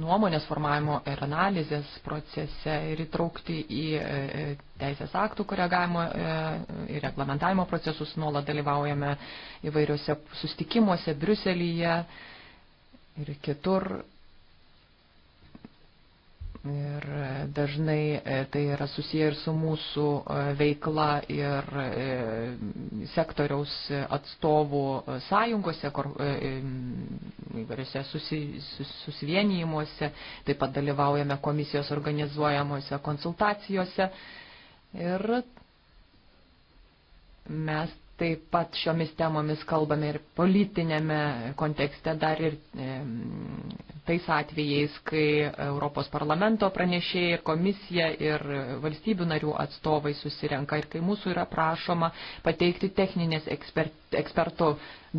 nuomonės formavimo ir analizės procese ir įtraukti į e, teisės aktų koregavimo e, ir reglamentavimo procesus. Nuolat dalyvaujame įvairiuose sustikimuose Briuselyje ir kitur. Ir e, dažnai e, tai yra susiję ir su mūsų e, veikla ir sektoriaus atstovų sąjungose, įvairiose susivienijimuose, taip pat dalyvaujame komisijos organizuojamuose konsultacijose. Ir mes Taip pat šiomis temomis kalbame ir politinėme kontekste, dar ir e, tais atvejais, kai Europos parlamento pranešėjai ir komisija ir valstybių narių atstovai susirenka ir kai mūsų yra prašoma pateikti techninės ekspert, ekspertų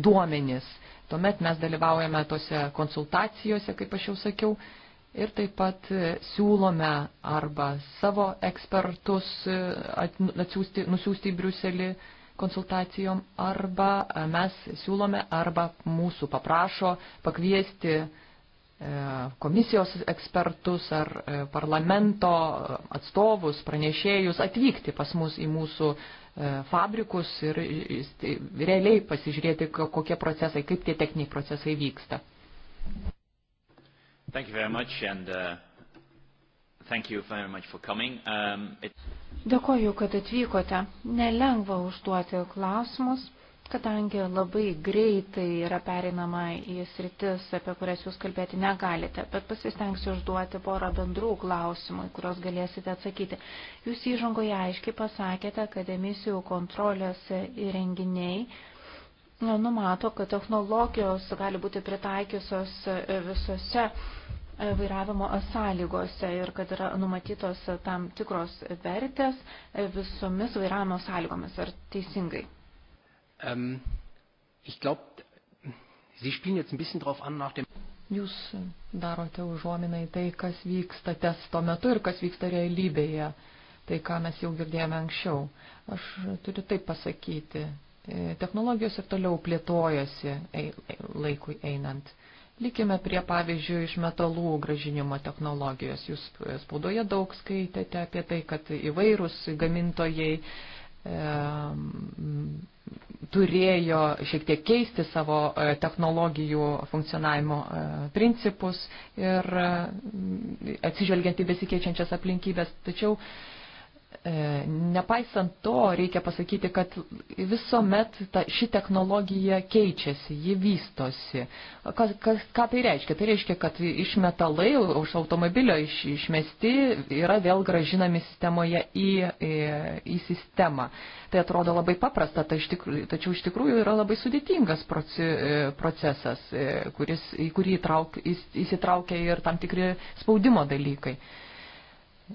duomenis. Tuomet mes dalyvaujame tose konsultacijose, kaip aš jau sakiau, ir taip pat siūlome arba savo ekspertus e, atsiųsti, nusiųsti į Briuselį konsultacijom arba e, mes siūlome arba mūsų paprašo pakviesti e, komisijos ekspertus ar e, parlamento atstovus, pranešėjus atvykti pas mus į mūsų fabrikus ir realiai pasižiūrėti, kokie procesai, kaip tie techniniai procesai vyksta. Thank you very much and uh... Um, it... Dėkoju, kad atvykote. Nelengva užduoti klausimus, kadangi labai greitai yra perinama į sritis, apie kurias jūs kalbėti negalite, bet pasistengsiu užduoti porą bendrų klausimų, kuriuos galėsite atsakyti. Jūs įžangoje aiškiai pasakėte, kad emisijų kontrolės įrenginiai nu, numato, kad technologijos gali būti pritaikiusios visose vairavimo sąlygose ir kad yra numatytos tam tikros vertės visomis vairavimo sąlygomis. Ar teisingai? Um, ich glaub, Sie spielen jetzt ein bisschen drauf an nach dem. Jūs darote užuominą į tai, kas vyksta testo metu ir kas vyksta realybėje. Tai, ką mes jau girdėjome anksčiau. Aš turiu taip pasakyti. Technologijos ir toliau plėtojasi laikui einant. Likime prie pavyzdžių iš metalų gražinimo technologijos. Jūs e, spaudoje daug skaitėte apie tai, kad įvairūs gamintojai turėjo šiek tiek keisti savo e, technologijų funkcionavimo e, principus ir atsižvelgiant į besikeičiančias aplinkybės. Tačiau E, nepaisant to, reikia pasakyti, kad visuomet ta, ši technologija keičiasi, ji vystosi. Kas, kas, ką tai reiškia? Tai reiškia, kad išmetalai už automobilio iš, išmesti yra vėl gražinami sistemoje į, į, į sistemą. Tai atrodo labai paprasta, tai iš tikrųjų, tačiau iš tikrųjų yra labai sudėtingas proci, e, procesas, e, kuris, į kurį įtrauk, įs, įsitraukia ir tam tikri spaudimo dalykai.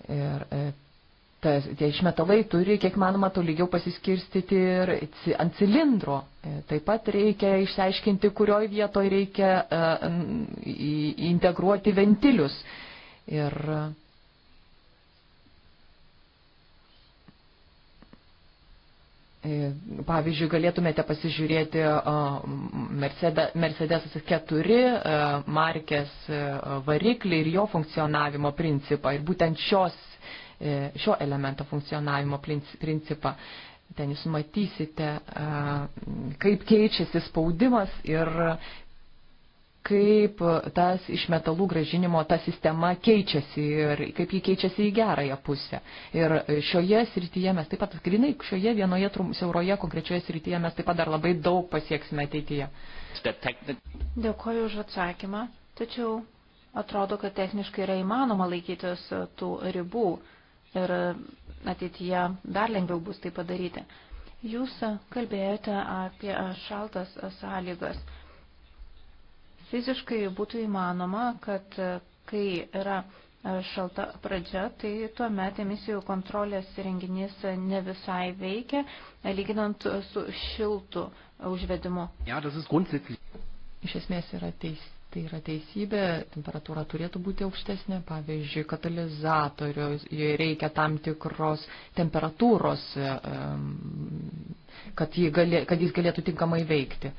Ir, tas, tie išmetalai turi kiek manoma tolygiau pasiskirstyti ir ant cilindro. E, taip pat reikia išsiaiškinti, kurioje vietoje reikia uh, integruoti ventilius. Ir e, Pavyzdžiui, galėtumėte pasižiūrėti Mercedes 4 markės variklį ir jo funkcionavimo principą. Ir būtent šios E, šio elemento funkcionavimo principą. Ten jūs matysite, e, kaip keičiasi spaudimas ir kaip tas iš metalų gražinimo ta sistema keičiasi ir kaip ji keičiasi į gerąją pusę. Ir šioje srityje mes taip pat, grinai, šioje vienoje trum, siauroje konkrečioje srityje mes taip pat dar labai daug pasieksime ateityje. Dėkuoju už atsakymą, tačiau atrodo, kad techniškai yra įmanoma laikytis tų ribų ir ateityje dar lengviau bus tai padaryti. Jūs kalbėjote apie šaltas sąlygas. Fiziškai būtų įmanoma, kad kai yra šalta pradžia, tai tuomet emisijų kontrolės renginys ne visai veikia, lyginant su šiltu užvedimu. Ja, Iš esmės yra teis, Tai yra teisybė, temperatūra turėtų būti aukštesnė, pavyzdžiui, katalizatorius, jai reikia tam tikros temperatūros, kad, jį galė, kad jis galėtų tinkamai veikti.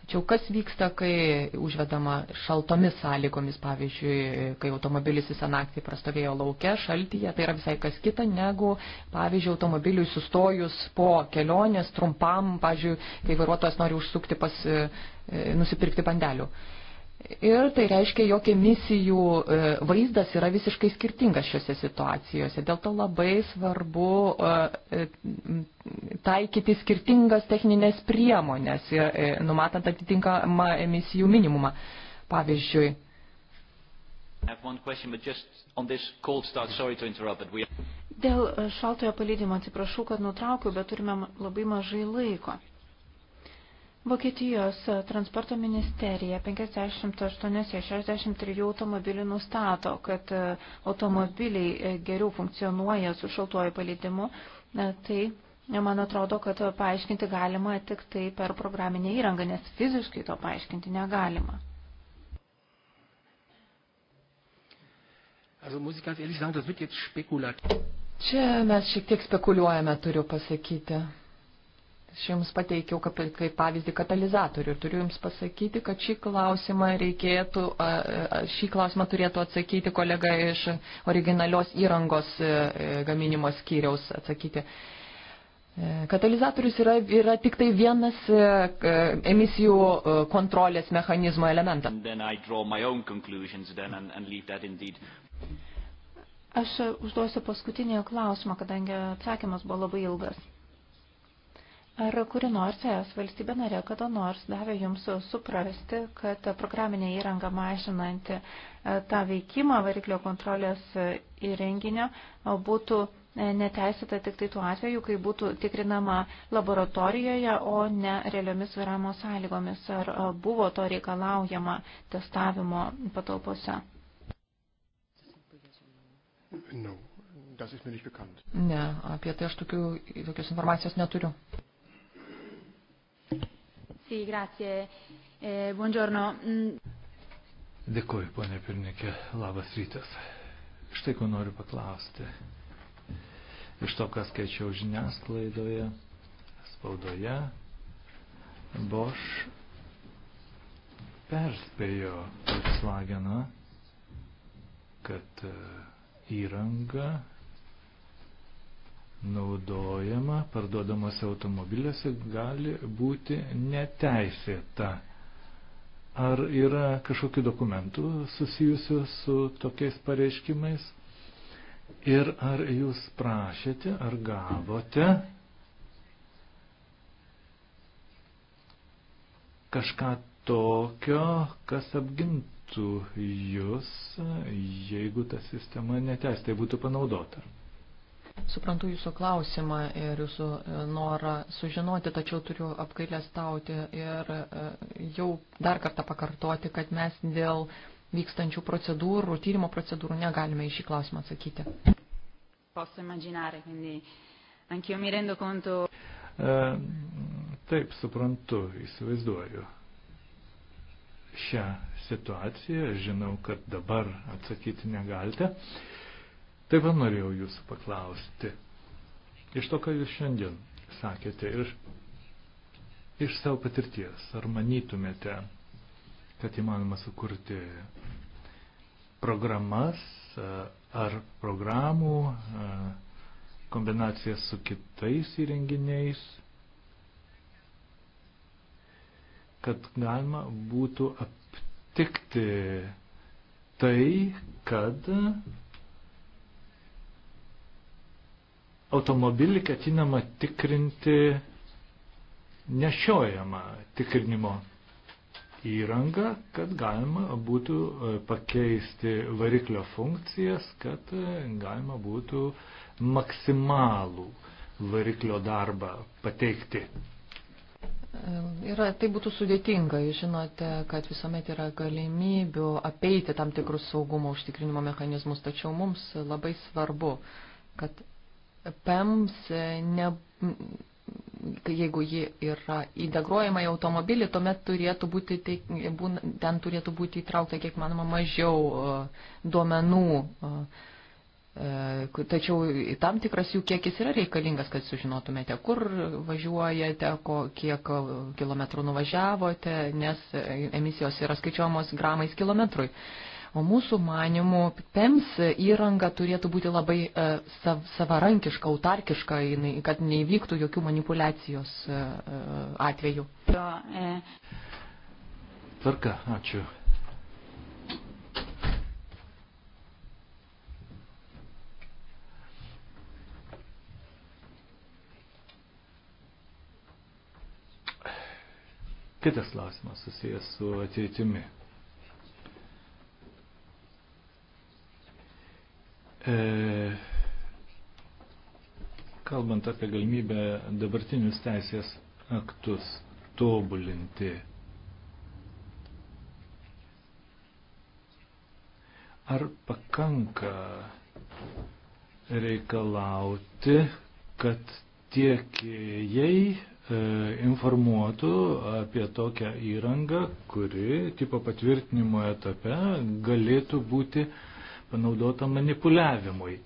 Tačiau kas vyksta, kai užvedama šaltomis sąlygomis, pavyzdžiui, kai automobilis visą naktį prastovėjo laukia šaltyje, tai yra visai kas kita negu, pavyzdžiui, automobiliui sustojus po kelionės trumpam, pavyzdžiui, kai vairuotojas nori užsukti pas, e, nusipirkti bandelių. E, Ir tai reiškia, jog emisijų e, vaizdas yra visiškai skirtingas šiuose situacijose. Dėl to labai svarbu e, e, taikyti skirtingas techninės priemonės, numatant atitinkamą emisijų minimumą. Pavyzdžiui. Dėl šaltojo palydimo atsiprašau, kad nutraukiu, bet turime labai mažai laiko. Vokietijos transporto ministerija 58-63 automobilių nustato, kad e, automobiliai e, geriau funkcionuoja su šaltuoju paleidimu. Tai Man atrodo, kad paaiškinti galima tik tai per programinę įrangą, nes fiziškai to paaiškinti negalima. Čia mes šiek tiek spekuliuojame, turiu pasakyti. Aš Jums pateikiau kaip, kaip pavyzdį katalizatorių ir turiu Jums pasakyti, kad šį klausimą, reikėtų, šį klausimą turėtų atsakyti kolega iš originalios įrangos e, e, gaminimo skyriaus atsakyti. E, katalizatorius yra, yra tik tai vienas emisijų kontrolės mechanizmo elementas. Aš užduosiu paskutinį klausimą, kadangi atsakymas buvo labai ilgas. Ar kuri nors ES valstybė narė kada nors davė jums suprasti, kad programinė įranga mažinanti e, tą veikimą variklio kontrolės e, įrenginio būtų e, neteisėta tik tai tuo atveju, kai būtų tikrinama laboratorijoje, o ne realiomis vairavimo sąlygomis? Ar buvo to reikalaujama testavimo patalpose? No. Ne, apie tai aš tokių, tokios informacijos neturiu. Sì, grazie. E, buongiorno. Mm. Dėkuoju, ponė pirmininkė. Labas rytas. Štai ko noriu paklausti. Iš to, ką skaičiau žiniasklaidoje, spaudoje, Bosch perspėjo Volkswageną, kad e, įranga naudojama parduodamas automobiliuose gali būti neteisėta. Ar yra kažkokių dokumentų susijusių su tokiais pareiškimais? Ir ar jūs prašėte, ar gavote kažką tokio, kas apgintų jūs, jeigu ta sistema neteisėtai būtų panaudota? Suprantu jūsų klausimą ir jūsų e, norą sužinoti, tačiau turiu apgailestauti ir e, jau dar kartą pakartoti, kad mes dėl vykstančių procedūrų, tyrimo procedūrų negalime į šį klausimą atsakyti. E, taip, suprantu, įsivaizduoju šią situaciją. Žinau, kad dabar atsakyti negalite. E, Taip pat norėjau jūsų paklausti. Iš to, ką jūs šiandien sakėte ir iš, iš savo patirties, ar manytumėte, kad įmanoma sukurti programas ar programų kombinacijas su kitais įrenginiais, kad galima būtų aptikti tai, kad automobilį ketinama tikrinti nešiojama tikrinimo įranga, kad galima būtų e, pakeisti variklio funkcijas, kad e, galima būtų maksimalų variklio darbą pateikti. E, yra, tai būtų sudėtinga, jūs žinote, kad visuomet yra galimybių apeiti tam tikrus saugumo užtikrinimo mechanizmus, tačiau mums labai svarbu, kad PEMS, e, ne, jeigu ji yra integruojama į automobilį, tuomet turėtų būti, tai, ten turėtų būti įtraukta kiek manoma mažiau e, duomenų. E, tačiau tam tikras jų kiekis yra reikalingas, kad sužinotumėte, kur važiuojate, ko, kiek kilometrų nuvažiavote, nes emisijos yra skaičiuojamos gramais kilometrui. Uh, O mūsų manimų PEMS įranga turėtų būti labai e, sav, savarankiška, autarkiška, kad neįvyktų jokių manipulacijos e, e, atvejų. Tvarka, ačiū. Kitas klausimas susijęs su ateitimi. E, kalbant apie galimybę dabartinius teisės aktus tobulinti. Ar pakanka reikalauti, kad tiekėjai e, informuotų apie tokią įrangą, kuri tipo patvirtinimo etape galėtų būti uh, panaudota manipuliavimui.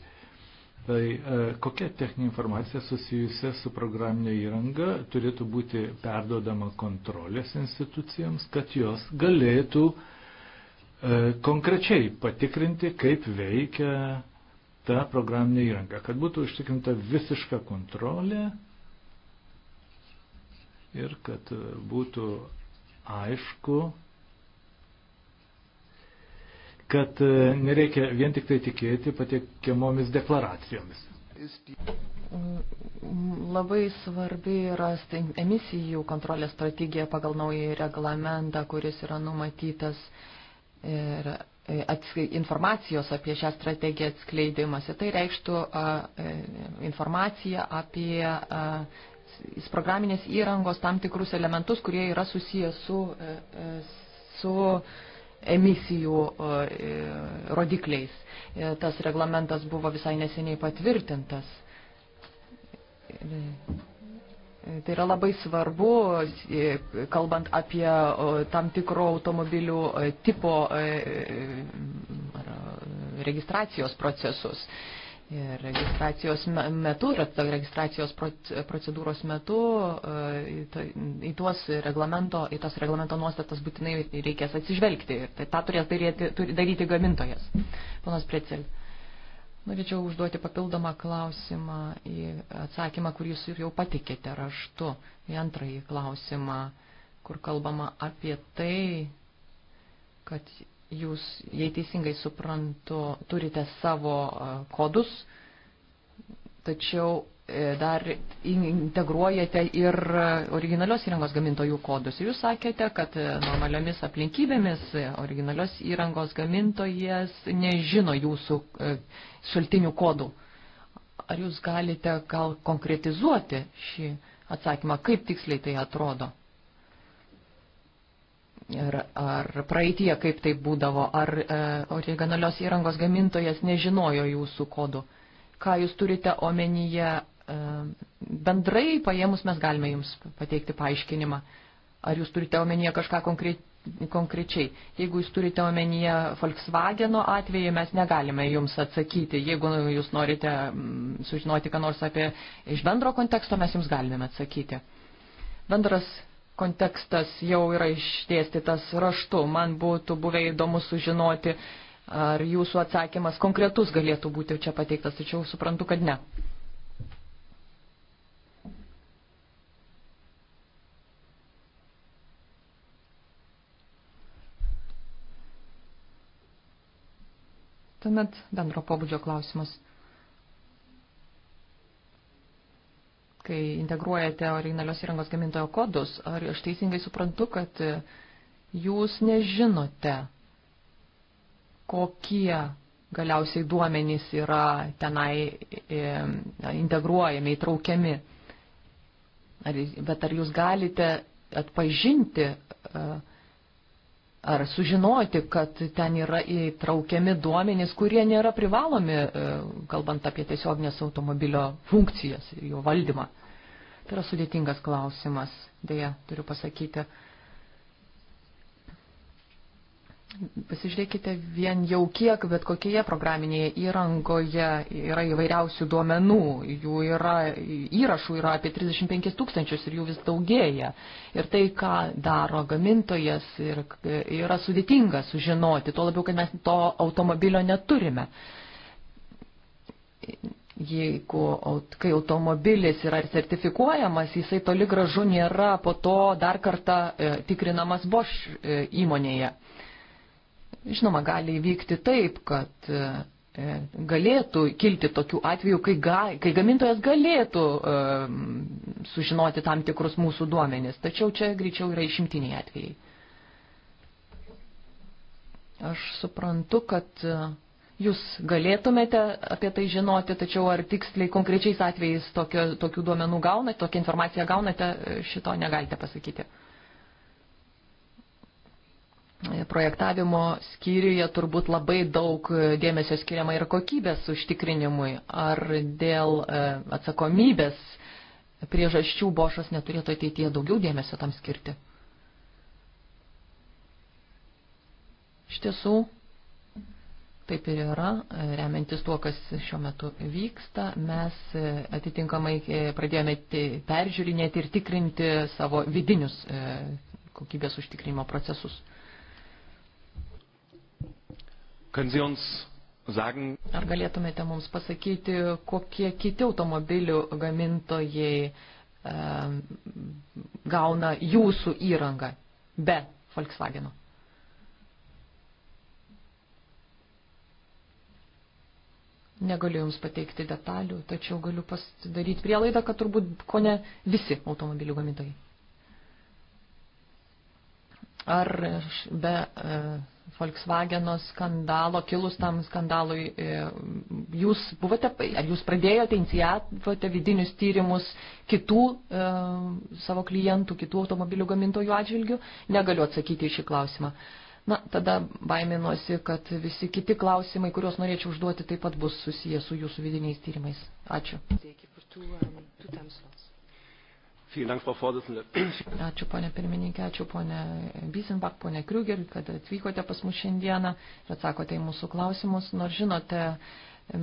Tai e, kokia techninė informacija susijusia su programinė įranga turėtų būti perdodama kontrolės institucijams, kad jos galėtų e, konkrečiai patikrinti, kaip veikia ta programinė įranga, kad būtų užtikrinta visiška kontrolė ir kad būtų aišku, kad e, nereikia vien tik tai tikėti patiekiamomis deklaracijomis. Labai svarbi yra emisijų kontrolės strategija pagal naują reglamentą, kuris yra numatytas ir e, informacijos apie šią strategiją atskleidimas. Ir tai reikštų e, informaciją apie programinės įrangos tam tikrus elementus, kurie yra susijęs su, su emisijų e, rodikliais. E, tas reglamentas buvo visai neseniai patvirtintas. E, tai yra labai svarbu, kalbant apie tam tikro automobilių tipo registracijos procesus registracijos metu ir registracijos procedūros metu e, į tuos reglamento, į tas reglamento nuostatas būtinai reikės atsižvelgti. Ir tai tą turės daryti, turi daryti gamintojas. Ponas Precel, norėčiau užduoti papildomą klausimą į atsakymą, kurį jūs jau patikėte raštu, į antrąjį klausimą, kur kalbama apie tai, kad jūs, jei teisingai suprantu, turite savo e, kodus, tačiau e, dar integruojate ir originalios įrangos gamintojų kodus. Jūs sakėte, kad e, normaliomis aplinkybėmis originalios įrangos gamintojas nežino jūsų šaltinių kodų. Ar jūs galite gal konkretizuoti šį atsakymą, kaip tiksliai tai atrodo? Ir ar praeitie, kaip tai būdavo, ar e, originalios įrangos gamintojas nežinojo jūsų kodų? Ką jūs turite omenyje? E, bendrai paėmus mes galime jums pateikti paaiškinimą. Ar jūs turite omenyje kažką konkrečiai? konkrečiai. Jeigu jūs turite omenyje Volkswageno atvejį, mes negalime jums atsakyti. Jeigu jūs norite mm, sužinoti, ką nors apie iš bendro konteksto, mes jums galime atsakyti. Bendras kontekstas jau yra išdėstytas raštu. Man būtų buvę įdomu sužinoti, ar jūsų atsakymas konkretus galėtų būti čia pateiktas, tačiau suprantu, kad ne. Tuomet bendro pobūdžio klausimas. kai integruojate originalios įrangos gamintojo kodus, ar aš teisingai suprantu, kad jūs nežinote, kokie galiausiai duomenys yra tenai e, integruojami, įtraukiami. Ar, bet ar jūs galite atpažinti uh, ar sužinoti, kad ten yra įtraukiami duomenys, kurie nėra privalomi, e, kalbant apie tiesioginės automobilio funkcijas ir jo valdymą. Tai yra sudėtingas klausimas, dėja, turiu pasakyti. Pasižiūrėkite vien jau kiek, bet kokioje programinėje įrangoje yra įvairiausių duomenų, jų yra, įrašų yra apie 35 tūkstančius ir jų vis daugėja. Ir tai, ką daro gamintojas, ir, yra sudėtinga sužinoti, tuo labiau, kad mes to automobilio neturime. Jeigu, kai automobilis yra sertifikuojamas, jisai toli gražu nėra po to dar kartą e, tikrinamas Bosch e, įmonėje žinoma, gali įvykti taip, kad e, galėtų kilti tokių atvejų, kai, ga, kai gamintojas galėtų um, sužinoti tam tikrus mūsų duomenis. Tačiau čia greičiau yra išimtiniai atvejai. Aš suprantu, kad e, jūs galėtumėte apie tai žinoti, tačiau ar tiksliai konkrečiais atvejais tokio, tokių duomenų gaunate, tokią informaciją gaunate, šito negalite pasakyti projektavimo skyriuje turbūt labai daug dėmesio skiriama ir kokybės užtikrinimui. Ar dėl e, atsakomybės priežasčių Bošas neturėtų ateityje daugiau dėmesio tam skirti? Iš tiesų, taip ir yra, e, remiantis tuo, kas šiuo metu vyksta, mes e, atitinkamai pradėjome peržiūrinėti ir tikrinti savo vidinius kokybės užtikrinimo procesus. Können Sie uns sagen? Ar galėtumėte mums pasakyti, kokie kiti automobilių gamintojai e, gauna jūsų įrangą be Volkswageno? Negaliu Jums pateikti detalių, tačiau galiu pasidaryti prielaidą, kad turbūt ko ne visi automobilių gamintojai. Ar be e, Volkswageno skandalo, kilus tam skandalui, e, jūs buvote, ar jūs pradėjote, inicijavote vidinius tyrimus kitų e, savo klientų, kitų automobilių gamintojų atžvilgių? Negaliu atsakyti į šį klausimą. Na, tada baiminuosi, kad visi kiti klausimai, kuriuos norėčiau užduoti, taip pat bus susiję su jūsų vidiniais tyrimais. Ačiū. Dėkui, Ačiū ponė pirmininkė, ačiū ponė Bisenbach, ponė Kriugel, kad atvykote pas mus šiandieną ir atsakote į mūsų klausimus. Nors žinote,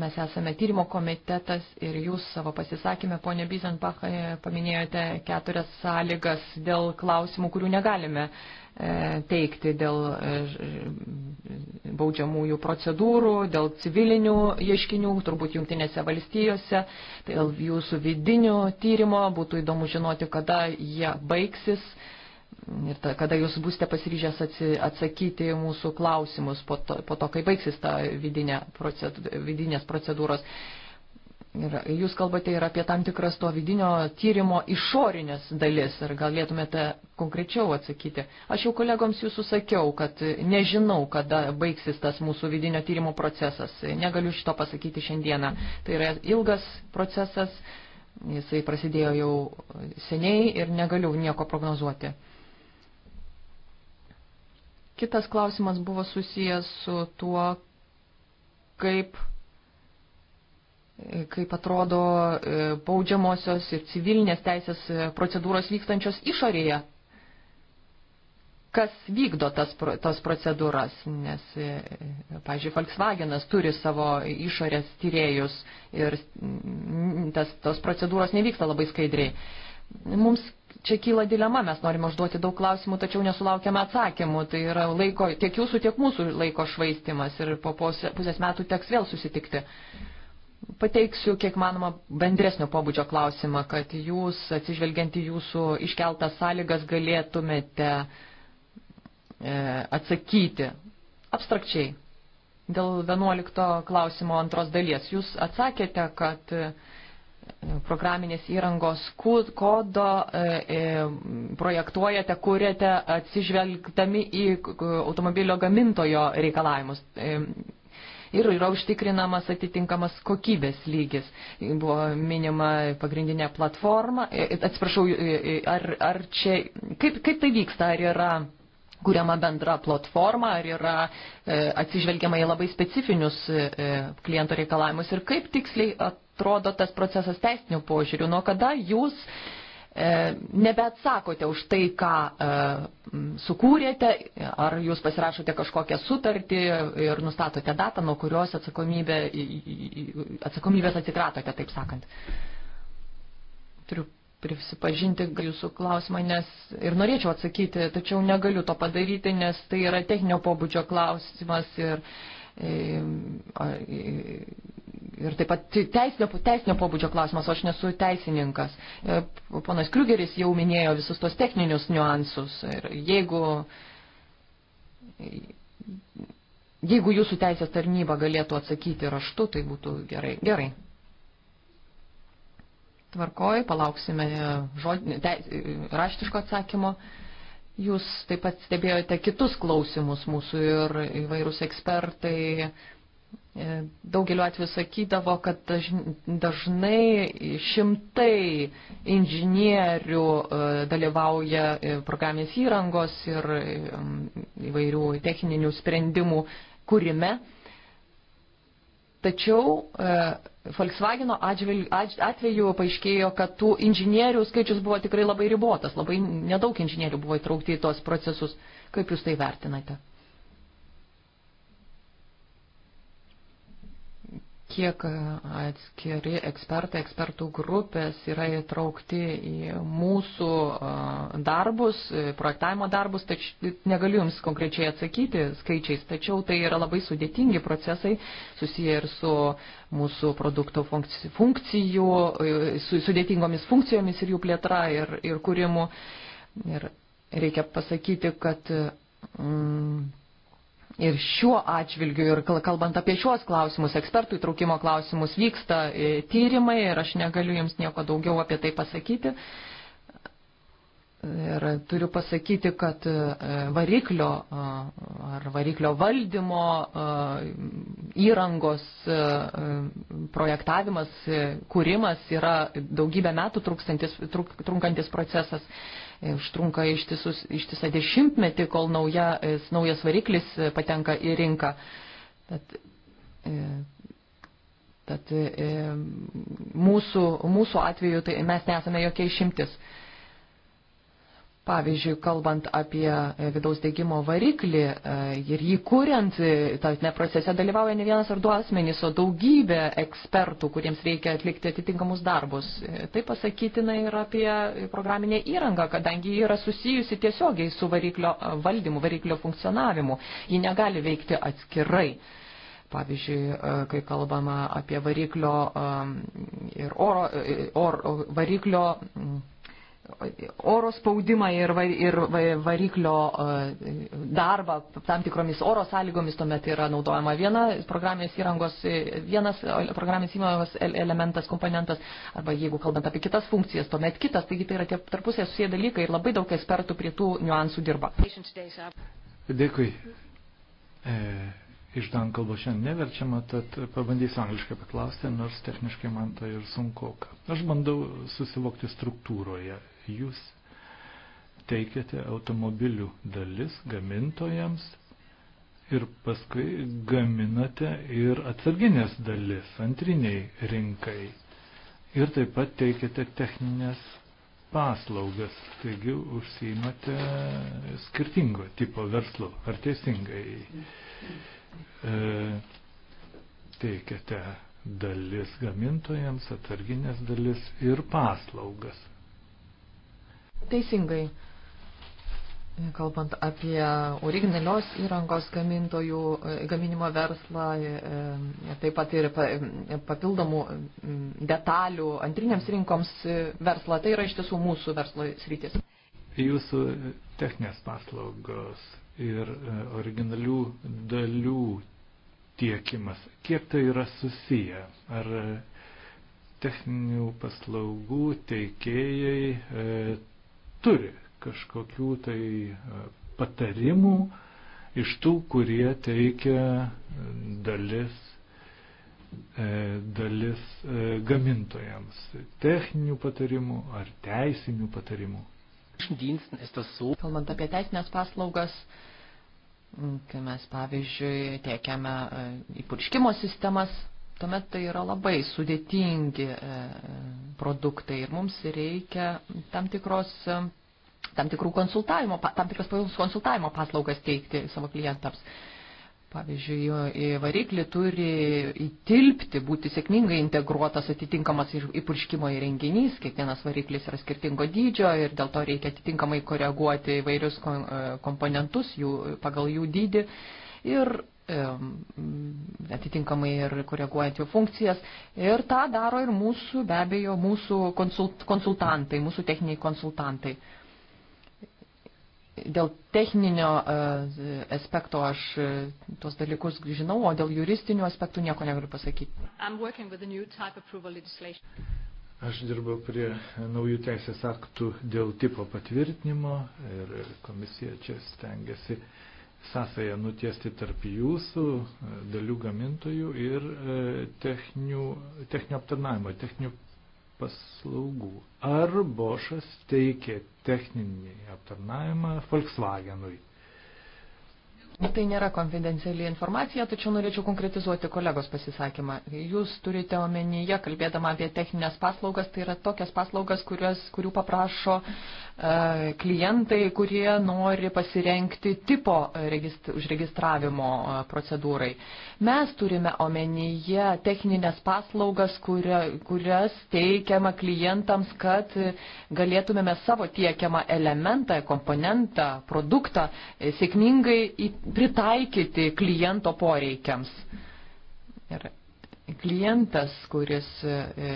mes esame tyrimo komitetas ir jūs savo pasisakymę, ponė Bisenbach, paminėjote keturias sąlygas dėl klausimų, kurių negalime E, teikti dėl e, baudžiamųjų procedūrų, dėl civilinių ieškinių, turbūt jungtinėse valstijose, dėl jūsų vidinio tyrimo. Būtų įdomu žinoti, kada jie baigsis ir ta, kada jūs būsite pasiryžęs atsakyti mūsų klausimus po to, po to kai baigsis ta vidinė procedū, vidinės procedūros. Ir jūs kalbate ir apie tam tikras to vidinio tyrimo išorinės dalis, ir galėtumėte konkrečiau atsakyti. Aš jau kolegoms jūsų sakiau, kad nežinau, kada baigsis tas mūsų vidinio tyrimo procesas. Negaliu šito pasakyti šiandieną. Tai yra ilgas procesas, jisai prasidėjo jau seniai ir negaliu nieko prognozuoti. Kitas klausimas buvo susijęs su tuo, kaip kaip atrodo e, baudžiamosios ir civilinės teisės e, procedūros vykstančios išorėje. Kas vykdo tas, tas procedūras, nes, e, pažiūrėjau, Volkswagenas turi savo išorės tyrėjus ir mm, tas, tos procedūros nevyksta labai skaidriai. Mums čia kyla dilema, mes norime užduoti daug klausimų, tačiau nesulaukiame atsakymų. Tai yra laiko, tiek jūsų, tiek mūsų laiko švaistimas ir po pusės metų teks vėl susitikti. Mhm. Pateiksiu, kiek manoma, bendresnio pobūdžio klausimą, kad jūs, atsižvelgiant į jūsų iškeltas sąlygas, galėtumėte e, atsakyti abstrakčiai dėl 11 klausimo antros dalies. Jūs atsakėte, kad e, programinės įrangos kodo e, e, projektuojate, kuriate atsižvelgdami į automobilio gamintojo reikalavimus ir yra užtikrinamas atitinkamas kokybės lygis. Buvo minima pagrindinė platforma. E, e, atsiprašau, e, ar, ar čia, kaip, kaip tai vyksta, ar yra kuriama bendra platforma, ar yra e, atsižvelgiama į labai specifinius e, kliento reikalavimus ir kaip tiksliai atrodo tas procesas teisinių požiūrių, nuo kada jūs E, nebeatsakote už tai, ką e, sukūrėte, ar jūs pasirašote kažkokią sutartį ir nustatote datą, nuo kurios atsakomybė, atsakomybės atsikratote, taip sakant. Turiu prisipažinti jūsų klausimą, nes ir norėčiau atsakyti, tačiau negaliu to padaryti, nes tai yra techninio pobūdžio klausimas ir e, ir taip pat teisinio, teisinio pobūdžio klausimas, o aš nesu teisininkas. E, ponas Kriugeris jau minėjo visus tos techninius niuansus ir jeigu, jeigu jūsų teisės tarnyba galėtų atsakyti raštu, tai būtų gerai. gerai. Tvarkoj, palauksime žod... teis... raštiško atsakymo. Jūs taip pat stebėjote kitus klausimus mūsų ir įvairūs ekspertai E, daugeliu atveju sakydavo, kad dažnai šimtai inžinierių e, dalyvauja e, programinės įrangos ir įvairių techninių sprendimų kūrime. Tačiau Volkswagen atveju paaiškėjo, kad tų inžinierių skaičius buvo tikrai labai ribotas, labai nedaug inžinierių buvo įtraukti į tos procesus. Kaip Jūs tai vertinate? kiek atskiri ekspertai, ekspertų grupės yra įtraukti į mūsų darbus, projektavimo darbus, tačiau negaliu Jums konkrečiai atsakyti skaičiais, tačiau tai yra labai sudėtingi procesai susiję ir su mūsų produkto funkcijų, e, su sudėtingomis funkcijomis ir jų plėtra ir, ir kūrimu. Ir reikia pasakyti, kad. Mm, ir šiuo atžvilgiu, ir kalbant apie šiuos klausimus, ekspertų įtraukimo klausimus, vyksta e, tyrimai ir aš negaliu jums nieko daugiau apie tai pasakyti. Ir turiu pasakyti, kad e, variklio e, ar variklio valdymo įrangos projektavimas, kūrimas yra daugybę metų trunkantis procesas. E, užtrunka ištisus, ištisą dešimtmetį, kol nauja, e, naujas variklis e, patenka į rinką. Tad, tad mūsų, mūsų atveju tai mes nesame jokia išimtis. Pavyzdžiui, kalbant apie e, vidaus degimo variklį e, ir jį kuriant, e, tame procese dalyvauja ne vienas ar du asmenys, o daugybė ekspertų, kuriems reikia atlikti atitinkamus darbus. Tai pasakytina ir apie programinę įrangą, kadangi ji yra susijusi tiesiogiai su variklio valdymu, variklio funkcionavimu. Ji negali veikti atskirai. Pavyzdžiui, kai kalbama apie variklio ir oro, or, variklio oro spaudimą ir, var, ir variklio e, darbą tam tikromis oro sąlygomis, tuomet yra naudojama viena programinės įrangos, e, vienas programinės įrangos elementas, komponentas, arba jeigu kalbant apie kitas funkcijas, tuomet kitas, taigi tai yra tie tarpusėje susiję dalykai ir labai daug ekspertų prie tų niuansų dirba. Dėkui. E, iš dan kalbos šiandien neverčiama, tad pabandysiu angliškai paklausti, nors techniškai man tai ir sunku. Aš bandau susivokti struktūroje jūs teikiate automobilių dalis gamintojams ir paskui gaminate ir atsarginės dalis antriniai rinkai. Ir taip pat teikiate techninės paslaugas, taigi užsiimate skirtingo tipo verslo, ar teisingai e, teikiate dalis gamintojams, atsarginės dalis ir paslaugas teisingai. Kalbant apie originalios įrangos gamintojų e, gaminimo verslą, e, e, taip pat ir papildomų detalių antriniams rinkoms verslą, tai yra iš tiesų mūsų verslo sritis. Jūsų techninės paslaugos ir originalių dalių tiekimas, kiek tai yra susiję? Ar techninių paslaugų teikėjai e, turi kažkokių tai e, patarimų iš tų, kurie teikia e, dalis, e, dalis gamintojams techninių patarimų ar teisinių patarimų. Kalbant apie teisinės paslaugas, kai mes pavyzdžiui tiekiame įpurškimo sistemas tuomet tai yra labai sudėtingi e, produktai ir mums reikia tam tikros e, tam tikrų konsultavimo, tam tikras konsultavimo paslaugas teikti savo klientams. Pavyzdžiui, į variklį turi įtilpti, būti sėkmingai integruotas atitinkamas įpurškimo įrenginys, kiekvienas variklis yra skirtingo dydžio ir dėl to reikia atitinkamai koreguoti įvairius e, komponentus jų, pagal jų dydį. Ir atitinkamai ir koreguojant jų funkcijas. Ir tą daro ir mūsų, be abejo, mūsų konsult, konsultantai, mūsų techniniai konsultantai. Dėl techninio e, aspekto aš e, tuos dalykus žinau, o dėl juristinių aspektų nieko negaliu pasakyti. Aš dirbu prie naujų teisės aktų dėl tipo patvirtinimo ir komisija čia stengiasi uh, sąsąją nutiesti tarp jūsų, e, dalių gamintojų ir e, techninių, techninio aptarnavimo, techninių paslaugų. Ar Bošas teikė techninį aptarnavimą Volkswagenui? Nu, tai nėra konfidenciali informacija, tačiau norėčiau konkretizuoti kolegos pasisakymą. Jūs turite omenyje, kalbėdama apie techninės paslaugas, tai yra tokias paslaugas, kurios, kurių paprašo E, klientai, kurie nori pasirenkti tipo užregistravimo e, procedūrai. Mes turime omenyje techninės paslaugas, kuria, kurias teikiama klientams, kad galėtumėme savo tiekiamą elementą, komponentą, produktą e, sėkmingai pritaikyti kliento poreikiams. Ir klientas, kuris e, e,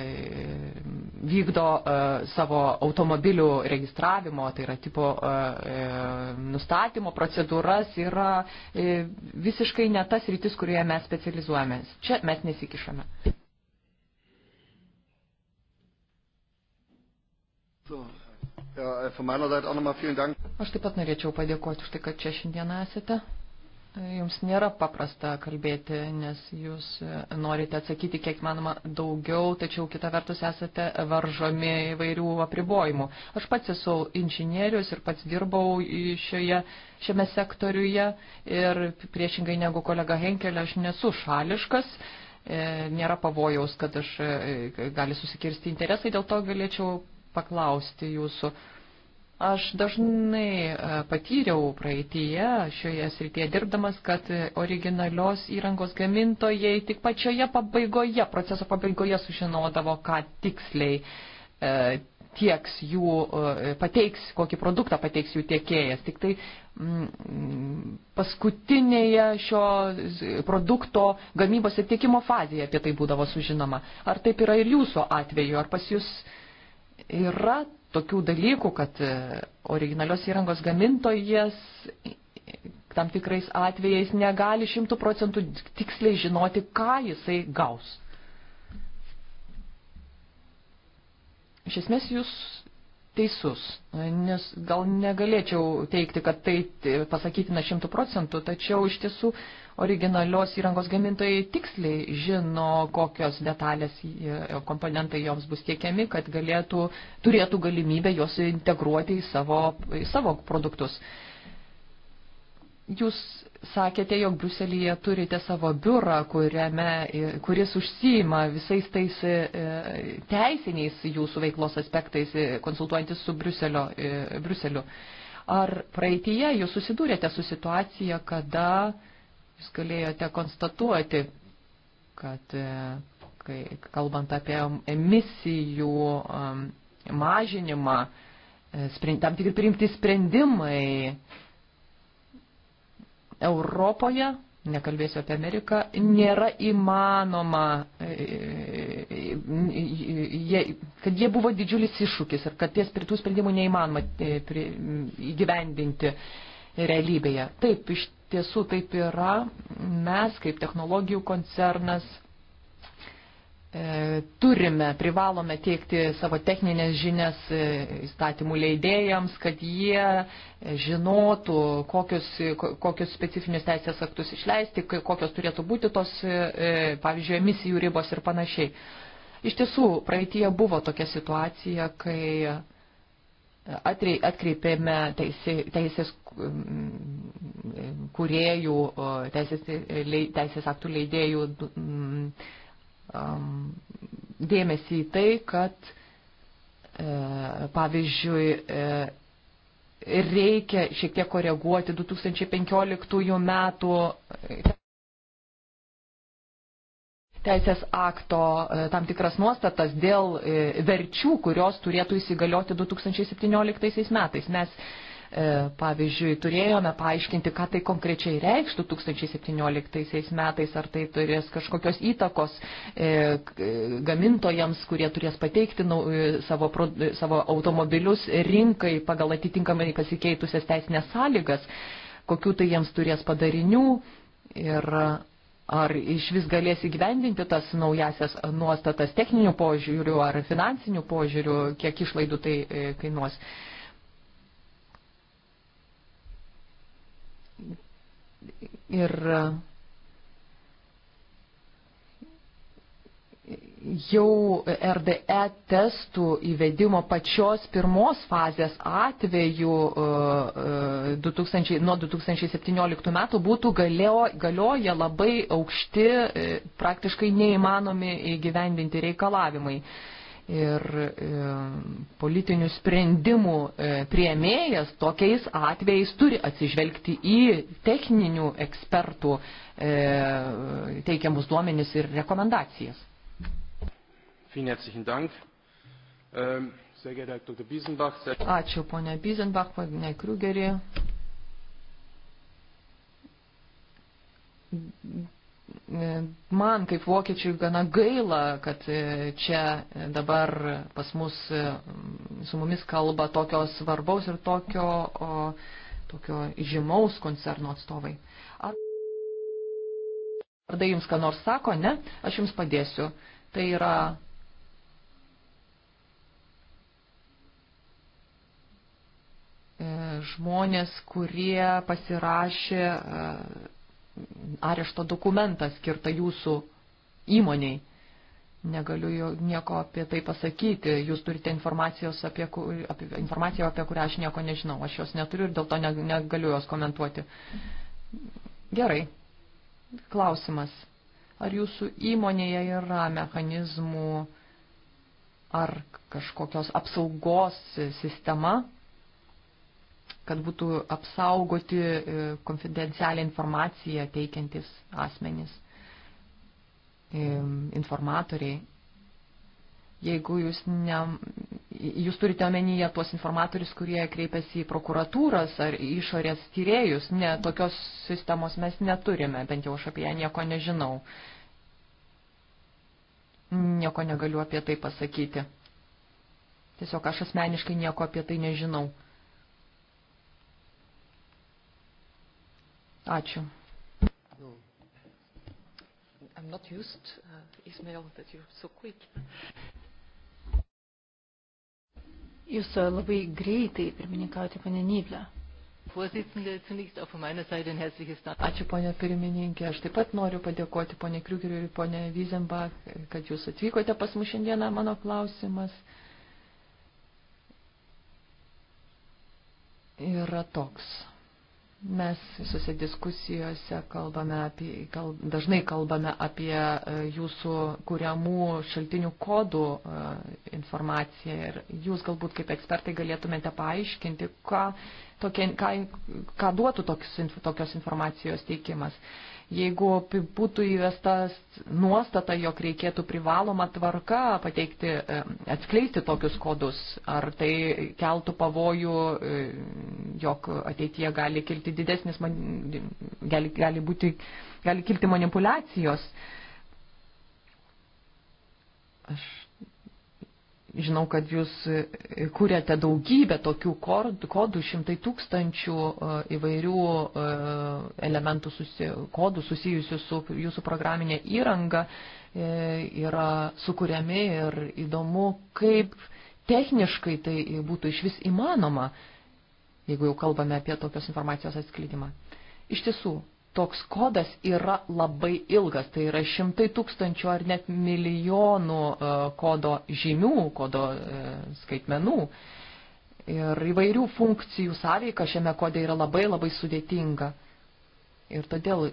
vykdo e, savo automobilių registravimo, tai yra tipo nustatymo procedūras, yra visiškai ne tas rytis, kurioje mes specializuojamės. Čia mes nesikišame. Aš taip pat norėčiau padėkoti už tai, kad čia šiandieną esate. Jums nėra paprasta kalbėti, nes jūs norite atsakyti kiek manoma daugiau, tačiau kita vertus esate varžomi įvairių apribojimų. Aš pats esu inžinierius ir pats dirbau šioje, šiame sektoriuje ir priešingai negu kolega Henkelė aš nesu šališkas, e, nėra pavojaus, kad aš e, gali susikirsti interesai, dėl to galėčiau paklausti jūsų Aš dažnai e, patyriau praeitįje šioje srityje dirbdamas, kad originalios įrangos gamintojai tik pačioje pabaigoje, proceso pabaigoje sužinodavo, ką tiksliai e, tieks jų, e, pateiks, kokį produktą pateiks jų tiekėjas. Tik tai mm, paskutinėje šio produkto gamybos ir tiekimo fazėje apie tai būdavo sužinoma. Ar taip yra ir jūsų atveju, ar pas jūs yra tokių dalykų, kad e, originalios įrangos gamintojas tam tikrais atvejais negali šimtų procentų tiksliai žinoti, ką jisai gaus. Iš esmės jūs teisus, nes gal negalėčiau teikti, kad tai e, pasakytina šimtų procentų, tačiau iš tiesų originalios įrangos gamintojai tiksliai žino, kokios detalės e, komponentai joms bus tiekiami, kad galėtų, turėtų galimybę juos integruoti į savo, į savo produktus. Jūs sakėte, jog Bruselėje turite savo biurą, kuriame, e, kuris užsijima visais tais e, teisiniais jūsų veiklos aspektais, konsultuojantis su Bruselio, Bruseliu. Ar praeitie jūs susidūrėte su situacija, kada uh, jūs galėjote konstatuoti, kad e, kai, kalbant apie emisijų um, mažinimą, e, tam tikri priimti sprendimai Europoje, nekalbėsiu apie Ameriką, nėra įmanoma, e, jie, kad jie buvo didžiulis iššūkis ir kad ties tų sprendimų neįmanoma įgyvendinti realybėje. Taip, iš tiesų taip yra, mes kaip technologijų koncernas e, turime, privalome teikti savo techninės žinias e, įstatymų leidėjams, kad jie e, žinotų, kokius, kokius specifinius teisės aktus išleisti, kokios turėtų būti tos, e, e, pavyzdžiui, emisijų ribos ir panašiai. Iš tiesų, praeitie buvo tokia situacija, kai atkreipėme teisė, teisės mm, kuriejų, teisės, teisės aktų leidėjų mm, mm, dėmesį į tai, kad e, pavyzdžiui e, reikia šiek tiek koreguoti 2015 metų teisės akto e, tam tikras nuostatas dėl e, verčių, kurios turėtų įsigalioti 2017 metais. Mes e, pavyzdžiui, turėjome paaiškinti, ką tai konkrečiai reikš 2017 metais, ar tai turės kažkokios įtakos gamintojams, kurie turės pateikti savo, savo automobilius rinkai pagal atitinkamai pasikeitusias teisinės sąlygas, kokiu tai jiems turės padarinių. Ir ar iš vis galės įgyvendinti tas naujasias nuostatas techninių požiūrių ar finansinių požiūrių, kiek išlaidų tai e, kainuos. Ir jau RDE testų įvedimo pačios pirmos fazės atveju 2000, e, e, nuo 2017 metų būtų galio, galioja labai aukšti, e, praktiškai neįmanomi įgyvendinti reikalavimai. Ir politinių sprendimų prieimėjas tokiais atvejais turi atsižvelgti į techninių ekspertų teikiamus duomenis ir rekomendacijas. Vielen herzlichen Dank. Ähm, sehr geehrter Herr Dr. Biesenbach. Ačiū, ponia Biesenbach, ponia Krugerė. Man kaip vokiečiui gana gaila, kad e, čia dabar pas mus e, su mumis kalba tokio svarbaus ir tokio, o, tokio žymaus koncerno atstovai. Ar tai jums ką nors sako, ne? Aš jums padėsiu. Tai yra E, žmonės, kurie pasirašė e, arešto dokumentą skirtą jūsų įmoniai. Negaliu nieko apie tai pasakyti. Jūs turite informacijos apie, apie, informaciją, apie kurią aš nieko nežinau. Aš jos neturiu ir dėl to negaliu jos komentuoti. Gerai. Klausimas. Ar jūsų įmonėje yra mechanizmų ar kažkokios apsaugos sistema kad būtų apsaugoti e, konfidencialią informaciją teikiantis asmenys, e, informatoriai. Jeigu jūs, ne, jūs turite omenyje tuos informatorius, kurie kreipiasi į prokuratūras ar išorės tyrėjus, ne, tokios sistemos mes neturime, bent jau aš apie ją nieko nežinau. Nieko negaliu apie tai pasakyti. Tiesiog aš asmeniškai nieko apie tai nežinau. Ačiū. I'm not used, uh, Ismail, that you're so quick. Jūs uh, labai greitai pirmininkauti, pane Nyblė. Ačiū, ponė pirmininkė. Aš taip pat noriu padėkoti ponė Kriugeriu ir ponė Vizenbach, kad jūs atvykote pas mus šiandieną. Mano klausimas yra toks. Mes visose diskusijose kalbame apie, kal, dažnai kalbame apie e, jūsų kuriamų šaltinių kodų e, informaciją ir jūs galbūt kaip ekspertai galėtumėte paaiškinti, ką, tokie, ką, ką duotų toks, tokios informacijos teikimas. Uh, Jeigu būtų įvestas nuostata, jog reikėtų privaloma tvarka pateikti, e, atskleisti tokius kodus, ar tai keltų pavojų, e, jog ateityje gali kilti didesnis, gali, gali, būti, gali kilti manipulacijos. Aš Žinau, kad jūs e, e, kūrėte daugybę tokių kodų, šimtai tūkstančių e, įvairių elementų, susi, kodų susijusių su jūsų programinė įranga yra sukūriami ir įdomu, kaip techniškai tai būtų iš vis įmanoma, jeigu jau kalbame apie tokios informacijos atskleidimą. Iš tiesų, toks kodas yra labai ilgas, tai yra šimtai tūkstančių ar net milijonų e, kodo žymių, kodo e, skaitmenų. Ir įvairių funkcijų sąveika šiame kode yra labai labai sudėtinga. Ir todėl,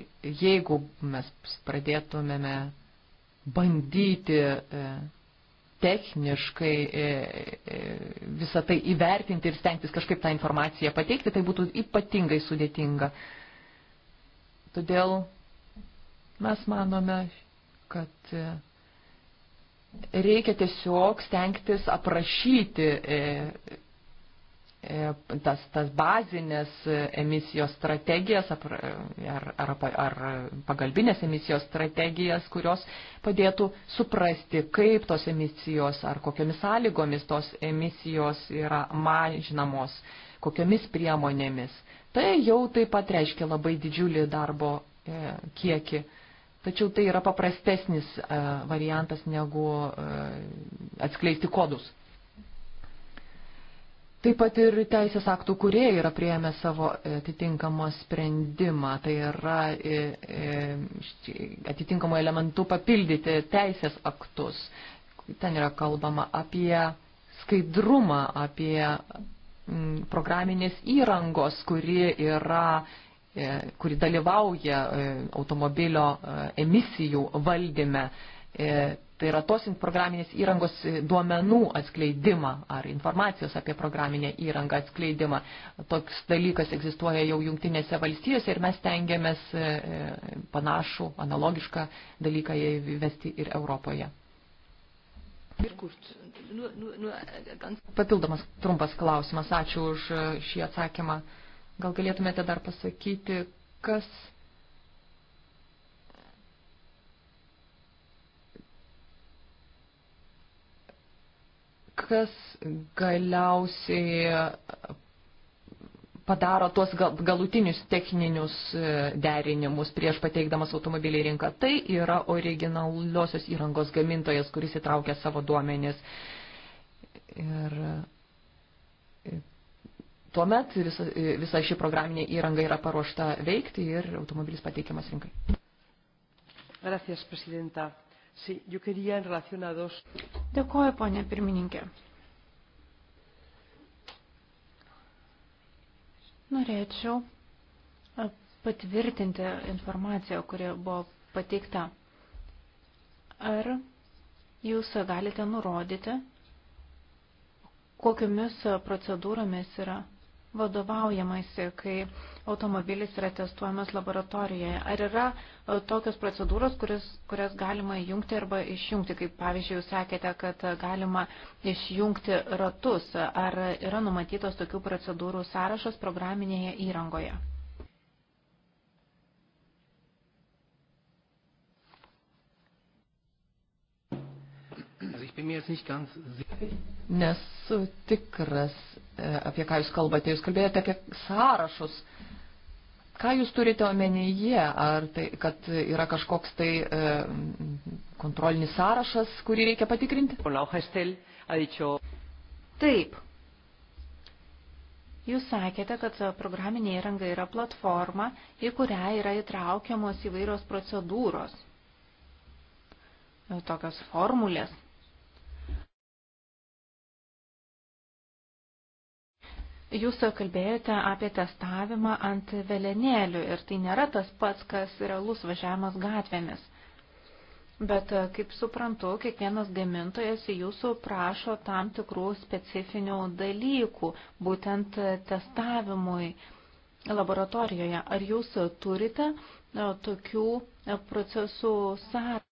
jeigu mes pradėtumėme bandyti e, techniškai visą tai įvertinti ir stengtis kažkaip tą informaciją pateikti, tai būtų ypatingai sudėtinga. Todėl mes manome, kad e, reikia tiesiog stengtis aprašyti e, e, tas, tas bazinės emisijos strategijas ar, ar, ar pagalbinės emisijos strategijas, kurios padėtų suprasti, kaip tos emisijos ar kokiamis sąlygomis tos emisijos yra mažinamos, kokiamis priemonėmis. Tai jau taip pat reiškia labai didžiulį darbo e, kiekį. Tačiau tai yra paprastesnis e, variantas negu e, atskleisti kodus. Taip pat ir teisės aktų kurie yra prieėmę savo atitinkamą sprendimą, tai yra atitinkamų elementų papildyti teisės aktus. Ten yra kalbama apie skaidrumą, apie programinės įrangos, kuri yra e, kuri dalyvauja e, automobilio e, emisijų valdyme. Tai yra tos programinės įrangos duomenų atskleidimą ar informacijos apie programinę įrangą atskleidimą. Toks dalykas egzistuoja jau jungtinėse valstijose ir mes tengiamės panašų, analogišką dalyką įvesti ir Europoje. Ir kurt. Nur, nur, nur ganz papildomas trumpas klausimas. Ačiū už e, šį atsakymą. Gal galėtumėte dar pasakyti, kas. kas galiausiai padaro tuos galutinius techninius e, derinimus prieš pateikdamas automobilį į rinką. Tai yra originaliosios įrangos gamintojas, kuris įtraukia savo duomenis. Uh, Ir e, tuomet visa, e, visa ši programinė įranga yra paruošta veikti ir automobilis pateikiamas rinkai. Gracias, presidenta. Sí, yo quería en relación a dos. Dėkoju, ponė pirmininkė. Norėčiau e, patvirtinti informaciją, kuri buvo pateikta. Ar jūs galite nurodyti, kokiamis procedūromis yra vadovaujamasi, kai automobilis yra testuojamas laboratorijoje. Ar yra e, tokios procedūros, kuris, kurias galima įjungti arba išjungti, kaip pavyzdžiui, jūs sakėte, kad galima išjungti ratus. Ar yra numatytos tokių procedūrų sąrašas programinėje įrangoje? Nesu tikras, e, apie ką Jūs kalbate. Jūs kalbėjote apie sąrašus. Ką Jūs turite omenyje? Ar tai, kad yra kažkoks tai e, kontrolinis sąrašas, kurį reikia patikrinti? Taip. Jūs sakėte, kad programinė įranga yra platforma, į kurią yra įtraukiamos įvairios procedūros, tokios formulės, Jūs kalbėjote apie testavimą ant velenėlių ir tai nėra tas pats, kas realus važiavimas gatvėmis. Bet, e, kaip suprantu, kiekvienas gamintojas jūsų prašo tam tikrų specifinių dalykų, būtent testavimui laboratorijoje. Ar jūs turite e, tokių e, procesų sąrašą?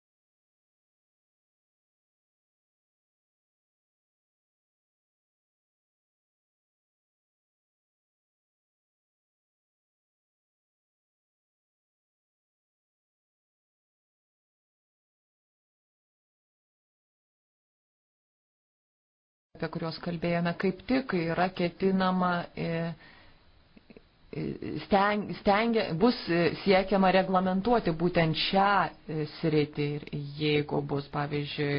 apie kuriuos kalbėjome, kaip tik yra ketinama, e, e, steng, stengia, bus e, siekiama reglamentuoti būtent šią sritį ir jeigu bus, pavyzdžiui,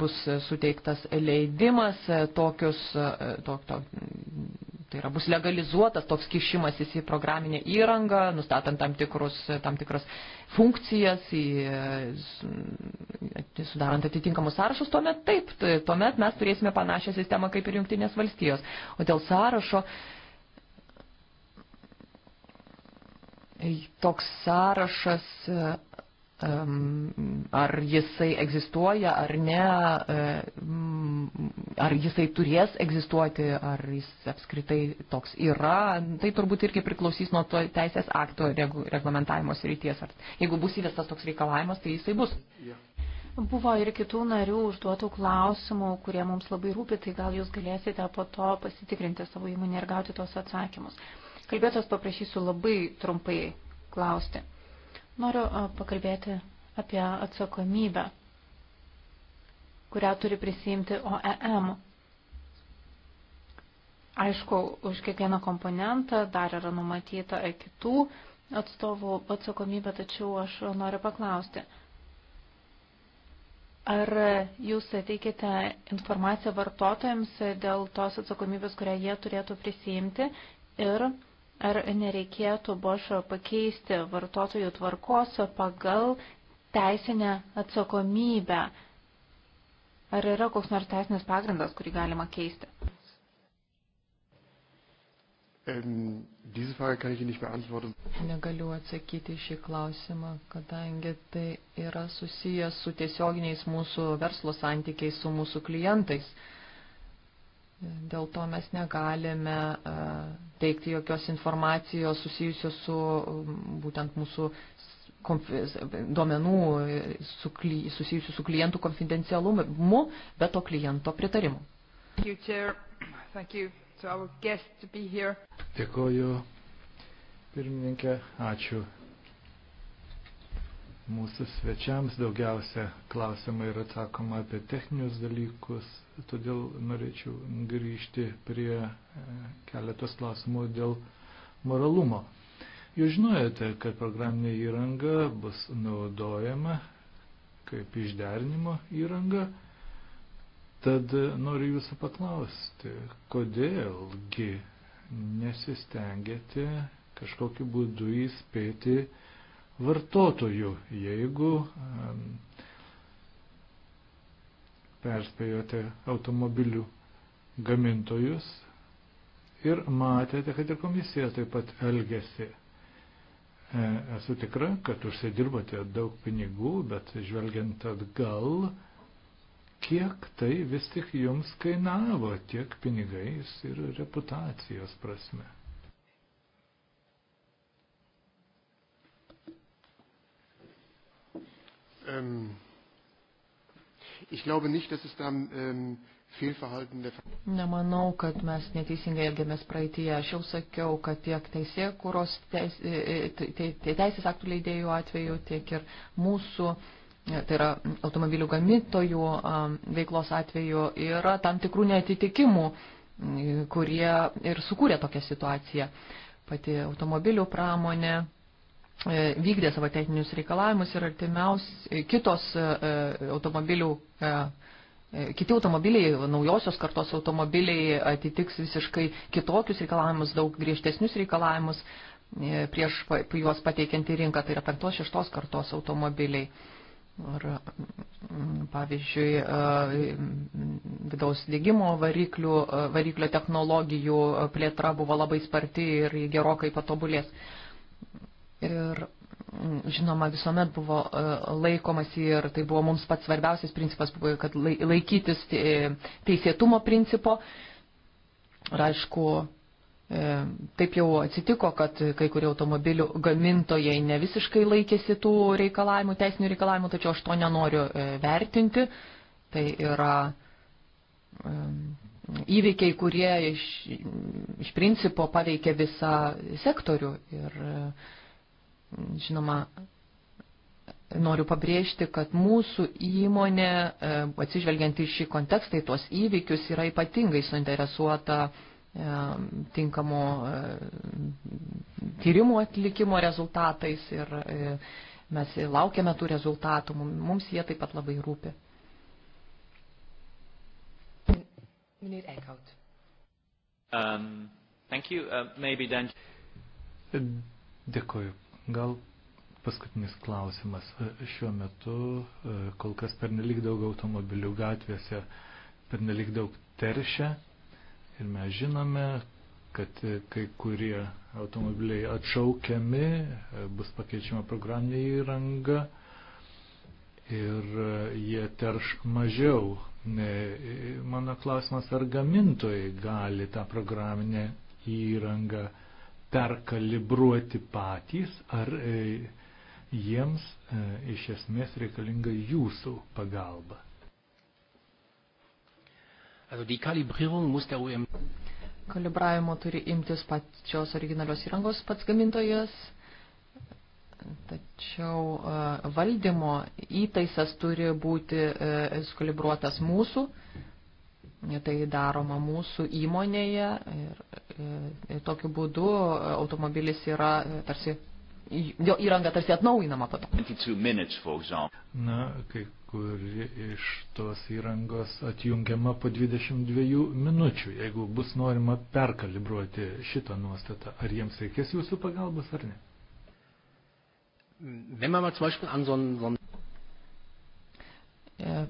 bus suteiktas leidimas tokius, tok, tok, tai yra bus legalizuotas toks kišimasis į programinę įrangą, nustatant tam, tikrus, tam tikras funkcijas, į, e, sudarant atitinkamus sąrašus, tuomet taip, tuomet mes turėsime panašią sistemą kaip ir Junktinės valstijos. O dėl sąrašo. E, toks sąrašas e, Ehm, ar jisai egzistuoja ar ne, ehm, ar jisai turės egzistuoti, ar jis apskritai toks yra, tai turbūt irgi priklausys nuo to teisės akto reglamentavimo srities. Jeigu bus įvestas toks reikalavimas, tai jisai bus. Buvo ir kitų narių užduotų klausimų, kurie mums labai rūpi, tai gal jūs galėsite po to pasitikrinti savo įmonę ir gauti tos atsakymus. Kalbėtos paprašysiu labai trumpai klausti. Noriu pakalbėti apie atsakomybę, kurią turi prisijimti OEM. Aišku, už kiekvieną komponentą dar yra numatyta kitų atstovų atsakomybė, tačiau aš noriu paklausti. Ar jūs teikite informaciją vartotojams dėl tos atsakomybės, kurią jie turėtų prisijimti ir ar nereikėtų Bošo pakeisti vartotojų tvarkos pagal teisinę atsakomybę. Ar yra koks nors teisinis pagrindas, kurį galima keisti? Ähm, Negaliu atsakyti šį klausimą, kadangi tai yra susijęs su tiesioginiais mūsų verslo santykiais su mūsų klientais. Dėl to mes negalime uh, pateikti jokios informacijos susijusios su um, būtent mūsų duomenų e, su, susijusių su klientų konfidencialumu, bet to kliento pritarimu. Dėkoju, pirmininkė, ačiū mūsų svečiams daugiausia klausimai yra atsakoma apie techninius dalykus, todėl norėčiau grįžti prie e, keletos klausimų dėl moralumo. Jūs žinojate, kad programinė įranga bus naudojama kaip išderinimo įranga, tad e, noriu jūsų paklausti, kodėlgi nesistengėte kažkokiu būdu įspėti, vartotojų, jeigu perspėjote automobilių gamintojus ir matėte, kad ir komisija taip pat elgesi. E, esu tikra, kad užsidirbote daug pinigų, bet žvelgiant atgal, kiek tai vis tik jums kainavo tiek pinigais ir reputacijos prasme. Ähm, ich glaube nicht, dass es da ähm, Fehlverhalten der Nemanau, kad mes neteisingai elgėmės praeitie. Aš jau sakiau, kad tiek teisė, kuros teis, e, e, te, te, te, teisės aktų leidėjų atveju, tiek ir mūsų, e, tai yra automobilių gamintojų veiklos atveju, yra tam tikrų netitikimų, kurie ir sukūrė tokią situaciją. Pati automobilių pramonė E, vykdė savo techninius reikalavimus ir artimiaus e, kitos e, automobilių, kiti automobiliai, naujosios kartos automobiliai atitiks visiškai kitokius reikalavimus, daug griežtesnius reikalavimus prieš juos pateikiant į rinką, tai yra penktos, šeštos kartos automobiliai. Ir, mm, pavyzdžiui, vidaus dėgymo variklių, variklio technologijų plėtra buvo labai sparti ir gerokai patobulės. Ir mm, žinoma, visuomet buvo e, laikomas ir tai buvo mums pats svarbiausias principas, buvo, kad laikytis teisėtumo principo. Ir aišku, e, taip jau atsitiko, kad kai kurie automobilių gamintojai ne visiškai laikėsi tų reikalavimų, teisinių reikalavimų, tačiau aš to nenoriu e, vertinti. Tai yra įvykiai, kurie iš, iš principo paveikia visą sektorių. Ir, Žinoma, noriu pabrėžti, kad mūsų įmonė, e, atsižvelgiant į šį kontekstą, į tuos įvykius, yra ypatingai suinteresuota e, tinkamo e, tyrimų atlikimo rezultatais ir mes laukiame tų rezultatų, mums jie taip pat labai rūpi. Meneer Eickhout. Um, thank you. Uh, maybe then... Dėkoju, Gal paskutinis klausimas. E, šiuo metu e, kol kas pernelik daug automobilių gatvėse, pernelik daug teršia ir mes žinome, kad e, kai kurie automobiliai atšaukiami, bus pakeičiama programinė įranga ir jie terš mažiau. Mano klausimas, ar gamintojai gali tą programinę įrangą perkalibruoti patys, ar e, jiems e, iš esmės reikalinga jūsų pagalba. Kalibravimo turi imtis pačios originalios įrangos pats gamintojas, tačiau e, valdymo įtaisas turi būti e, skalibruotas mūsų. E, tai daroma mūsų įmonėje ir, ir tokiu būdu automobilis yra e, tarsi, jo įranga tarsi atnaujinama po to. Na, kai kuri iš tos įrangos atjungiama po 22 minučių, jeigu bus norima perkalibruoti šitą nuostatą, ar jiems reikės jūsų pagalbos ar ne? Wenn man mal zum Beispiel an so einen, so einen e,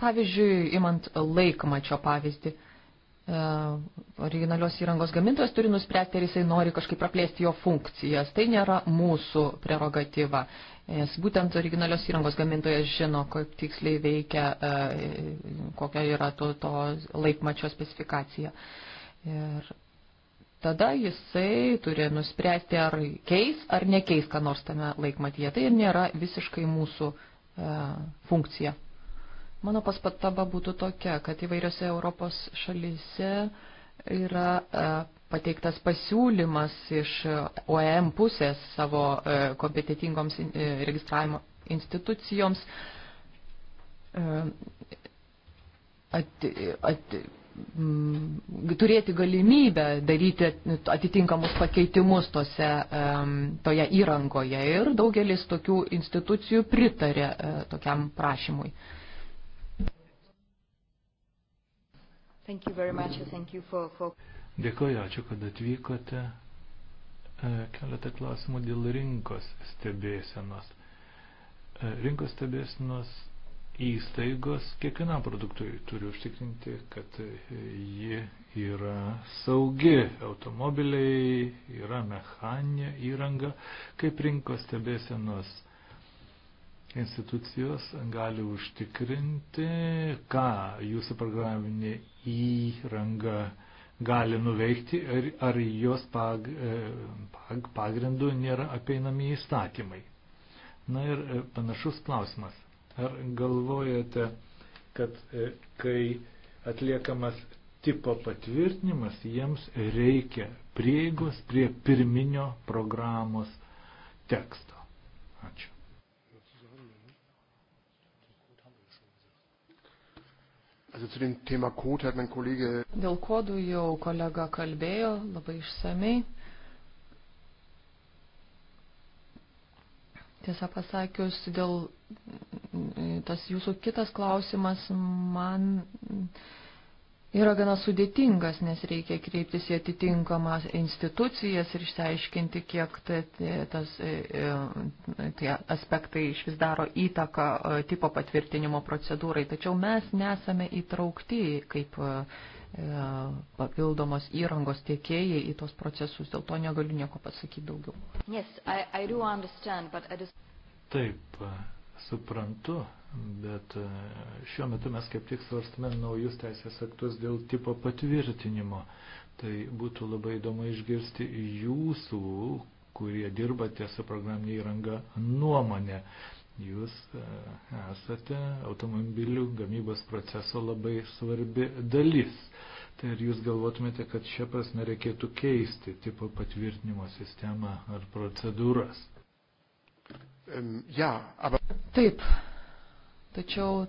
Pavyzdžiui, imant laikmačio pavyzdį, e, originalios įrangos gamintojas turi nuspręsti, ar jisai nori kažkaip praplėsti jo funkcijas. Tai nėra mūsų prerogatyva. Nes būtent originalios įrangos gamintojas žino, kaip tiksliai veikia, e, kokia yra to, to laikmačio specifikacija. Ir tada jisai turi nuspręsti, ar keis ar nekeis, ką nors tame laikmatyje. Tai nėra visiškai mūsų e, funkcija. Mano paspataba būtų tokia, kad įvairiose Europos šalyse yra e, pateiktas pasiūlymas iš OEM pusės savo e, kompetitingoms e, registravimo institucijoms at, at, m, turėti galimybę daryti atitinkamus pakeitimus tose, toje įrangoje ir daugelis tokių institucijų pritarė tokiam prašymui. Thank you very much. Thank you for, for... Dėkoju, ačiū, kad atvykote. E, keletą klausimų dėl rinkos stebėsenos. E, rinkos stebėsenos įstaigos kiekvienam produktui turi užtikrinti, kad ji yra saugi. Automobiliai yra mechaninė įranga, kaip rinkos stebėsenos institucijos gali užtikrinti, ką jūsų programinė įranga gali nuveikti, ar, ar jos pag, e, pag, pagrindų nėra apeinami įstatymai. Na ir e, panašus klausimas. Ar galvojate, kad e, kai atliekamas tipo patvirtinimas, jiems reikia prieigos prie pirminio programos teksto? Ačiū. Dėl kodų jau kolega kalbėjo labai išsamei. Tiesą pasakius, dėl tas jūsų kitas klausimas man yra gana sudėtingas, nes reikia kreiptis į atitinkamas institucijas ir išsiaiškinti, kiek tai, tas, e, e, tie aspektai iš vis daro įtaką e, tipo patvirtinimo procedūrai. Tačiau mes nesame įtraukti kaip papildomos įrangos tiekėjai į tos procesus, dėl to negaliu nieko pasakyti daugiau. Yes, I, I just... Taip, suprantu, Bet e, šiuo metu mes kaip tik svarstame naujus teisės aktus dėl tipo patvirtinimo. Tai būtų labai įdomu išgirsti jūsų, kurie dirbate su programinė įranga, nuomonė. Jūs e, esate automobilių gamybos proceso labai svarbi dalis. Tai ar jūs galvotumėte, kad šią prasme reikėtų keisti tipo patvirtinimo sistemą ar procedūras? Ja, aber... Taip, Tačiau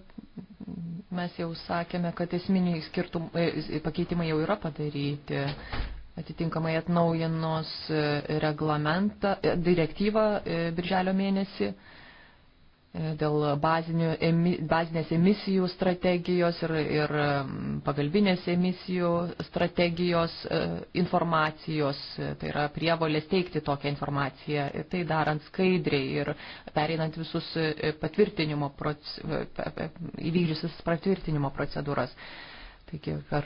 mes jau sakėme, kad esminiai skirtum, e, e, pakeitimai jau yra padaryti. Atitinkamai atnaujinos e, reglamentą, direktyvą birželio mėnesį. E, dėl bazinių, bazinės emisijų strategijos ir, ir pagalbinės emisijų strategijos e, informacijos, tai yra prievolės teikti tokią informaciją, tai darant skaidriai ir pereinant visus e, patvirtinimo, įvykdžiusis patvirtinimo procedūras. Taigi per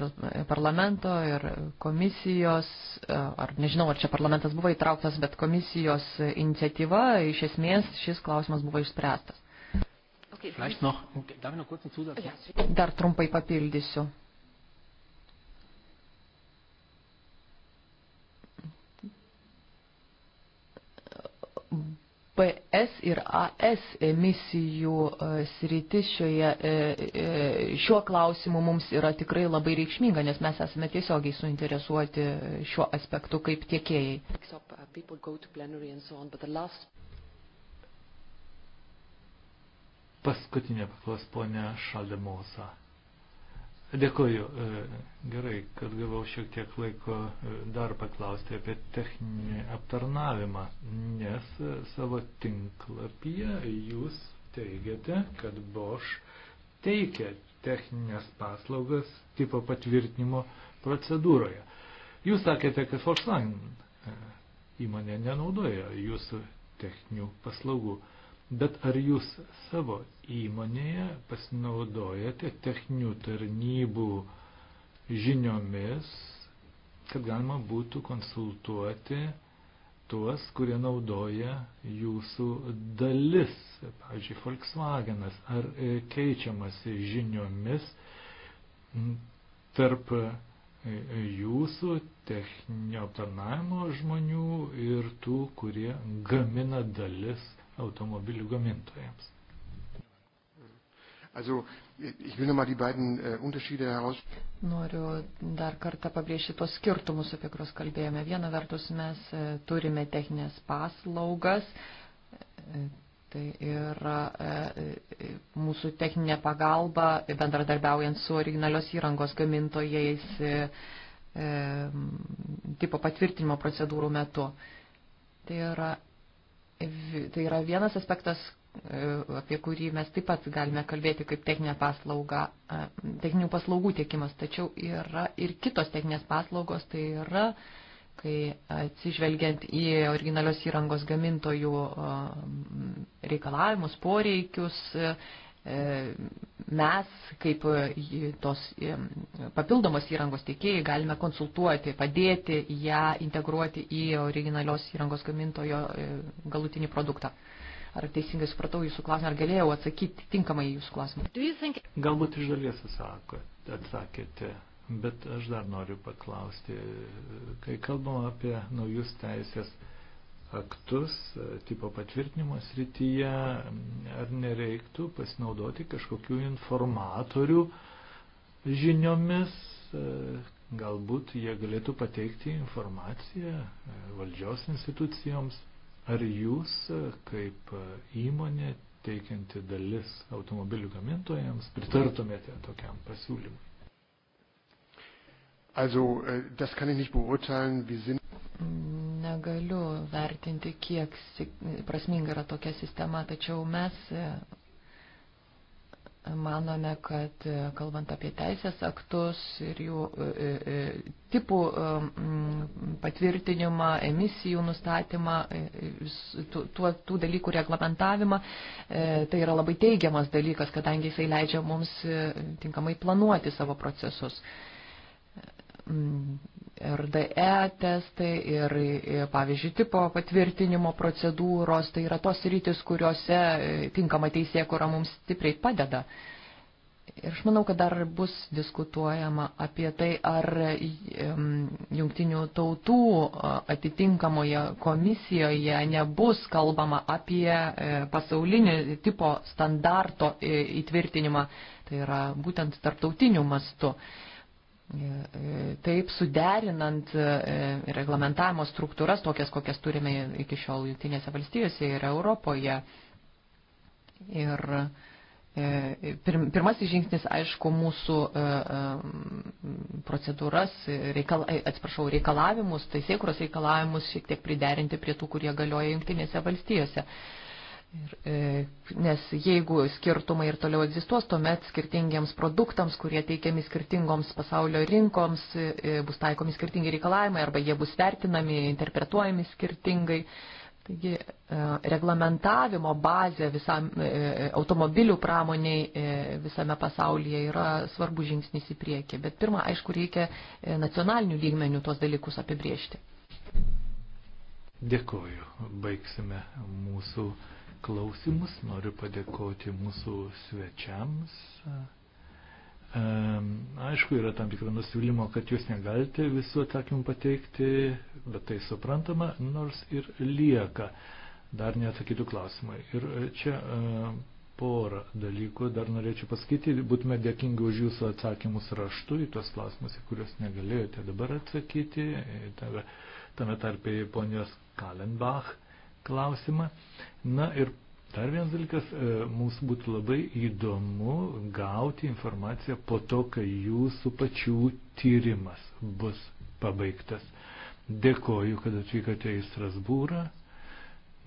parlamento ir komisijos, e, ar nežinau, ar čia parlamentas buvo įtrauktas, bet komisijos iniciatyva, iš esmės šis klausimas buvo išspręstas. Dar trumpai papildysiu. PS ir AS emisijų e, sritis šioje, e, e, šiuo klausimu mums yra tikrai labai reikšminga, nes mes esame tiesiogiai suinteresuoti šiuo aspektu kaip tiekėjai. Paskutinė paklaus ponia Šaldemosa. Dėkuoju. E, gerai, kad gavau šiek tiek laiko e, dar paklausti apie techninį aptarnavimą, nes e, savo tinklapyje jūs teigiate, kad Bosch teikia techninės paslaugas tipo patvirtinimo procedūroje. Jūs sakėte, kad Volkswagen įmonė nenaudoja jūsų techninių paslaugų. Bet ar jūs savo įmonėje pasinaudojate techninių tarnybų žiniomis, kad galima būtų konsultuoti tuos, kurie naudoja jūsų dalis, pavyzdžiui, Volkswagenas, ar e, keičiamasi žiniomis tarp e, jūsų techninio aptarnavimo žmonių ir tų, kurie gamina dalis automobilių gamintojams. Also, ich will nochmal die beiden äh, Unterschiede heraus. Noriu dar kartą pabrėžti tos skirtumus, apie kuriuos kalbėjome. Viena vertus mes e, turime techninės paslaugas, e, tai yra e, e mūsų techninė pagalba, bendradarbiaujant su originalios įrangos gamintojais e, e, tipo patvirtinimo procedūrų metu. Tai yra Tai yra vienas aspektas, e, apie kurį mes taip pat galime kalbėti kaip techninė paslauga, e, techninių paslaugų tiekimas, tačiau yra ir kitos techninės paslaugos, tai yra, kai atsižvelgiant į originalios įrangos gamintojų e, reikalavimus, poreikius, E, mes, kaip e, tos e, papildomos įrangos teikėjai, galime konsultuoti, padėti ją integruoti į originalios įrangos gamintojo galutinį produktą. Ar teisingai supratau jūsų klausimą, ar galėjau atsakyti tinkamai jūsų klausimą? Galbūt iš dalies atsakėte, bet aš dar noriu paklausti, kai kalbam apie naujus teisės aktus e, tipo patvirtinimo srityje, ar nereiktų pasinaudoti kažkokių informatorių žiniomis, e, galbūt jie galėtų pateikti informaciją e, valdžios institucijoms, ar jūs kaip įmonė teikianti dalis automobilių gamintojams pritartumėte tokiam pasiūlymui. Also, äh, das kann ich nicht beurteilen. Wir sind negaliu vertinti, kiek prasminga yra tokia sistema, tačiau mes e, manome, kad e, kalbant apie teisės aktus ir jų e, tipų patvirtinimą, emisijų nustatymą, tų, tų dalykų reglamentavimą, tai yra labai teigiamas dalykas, kadangi jisai leidžia mums tinkamai planuoti savo procesus RDE testai ir, e, pavyzdžiui, tipo patvirtinimo procedūros, tai yra tos rytis, kuriuose e, tinkama teisėkura mums stipriai padeda. Ir aš manau, kad dar bus diskutuojama apie tai, ar jungtinių tautų e, atitinkamoje komisijoje nebus kalbama apie pasaulinį tipo standarto įtvirtinimą, tai yra būtent tarptautiniu mastu. E, e, taip, suderinant e, reglamentavimo struktūras, tokias, kokias turime iki šiol Junktinėse valstijose ir Europoje. Ir pirmasis žingsnis, aišku, mūsų procedūras, reikal, atsiprašau, reikalavimus, taisėkuros reikalavimus šiek tiek priderinti prie tų, kurie galioja Junktinėse valstijose. Ir, e, nes jeigu skirtumai ir toliau egzistuos, tuomet skirtingiems produktams, kurie teikiami skirtingoms pasaulio rinkoms, e, e, bus taikomi skirtingi reikalavimai arba jie bus vertinami, interpretuojami skirtingai. Taigi e, reglamentavimo bazė visam e, automobilių pramoniai e, visame pasaulyje yra svarbus žingsnis į priekį. Bet pirmą, aišku, reikia e, nacionalinių lygmenių tuos dalykus apibriežti. Dėkuoju. Baigsime mūsų klausimus, noriu padėkoti mūsų svečiams. E, aišku, yra tam tikra nusivylimo, kad jūs negalite visų atsakymų pateikti, bet tai suprantama, nors ir lieka dar neatsakytų klausimai. Ir čia e, porą dalykų dar norėčiau pasakyti. Būtume dėkingi už jūsų atsakymus raštu į tuos klausimus, į kuriuos negalėjote dabar atsakyti, tame tarpe į ponios Kalenbach klausimą. Na ir dar vienas dalykas, e, mums būtų labai įdomu gauti informaciją po to, kai jūsų pačių tyrimas bus pabaigtas. Dėkoju, kad atvykote į Strasbūrą.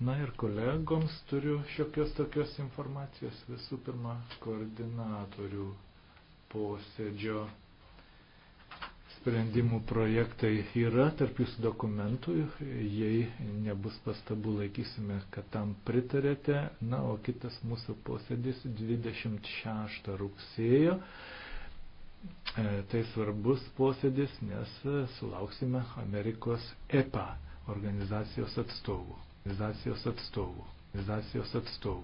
Na ir kolegoms turiu šiokios tokios informacijos visų pirma koordinatorių posėdžio sprendimų projektai yra tarp jūsų dokumentų. Jei nebus pastabų, laikysime, kad tam pritarėte. Na, o kitas mūsų posėdis 26 rugsėjo. E, tai svarbus posėdis, nes sulauksime Amerikos EPA organizacijos atstovų. Organizacijos atstovų. Organizacijos atstovų.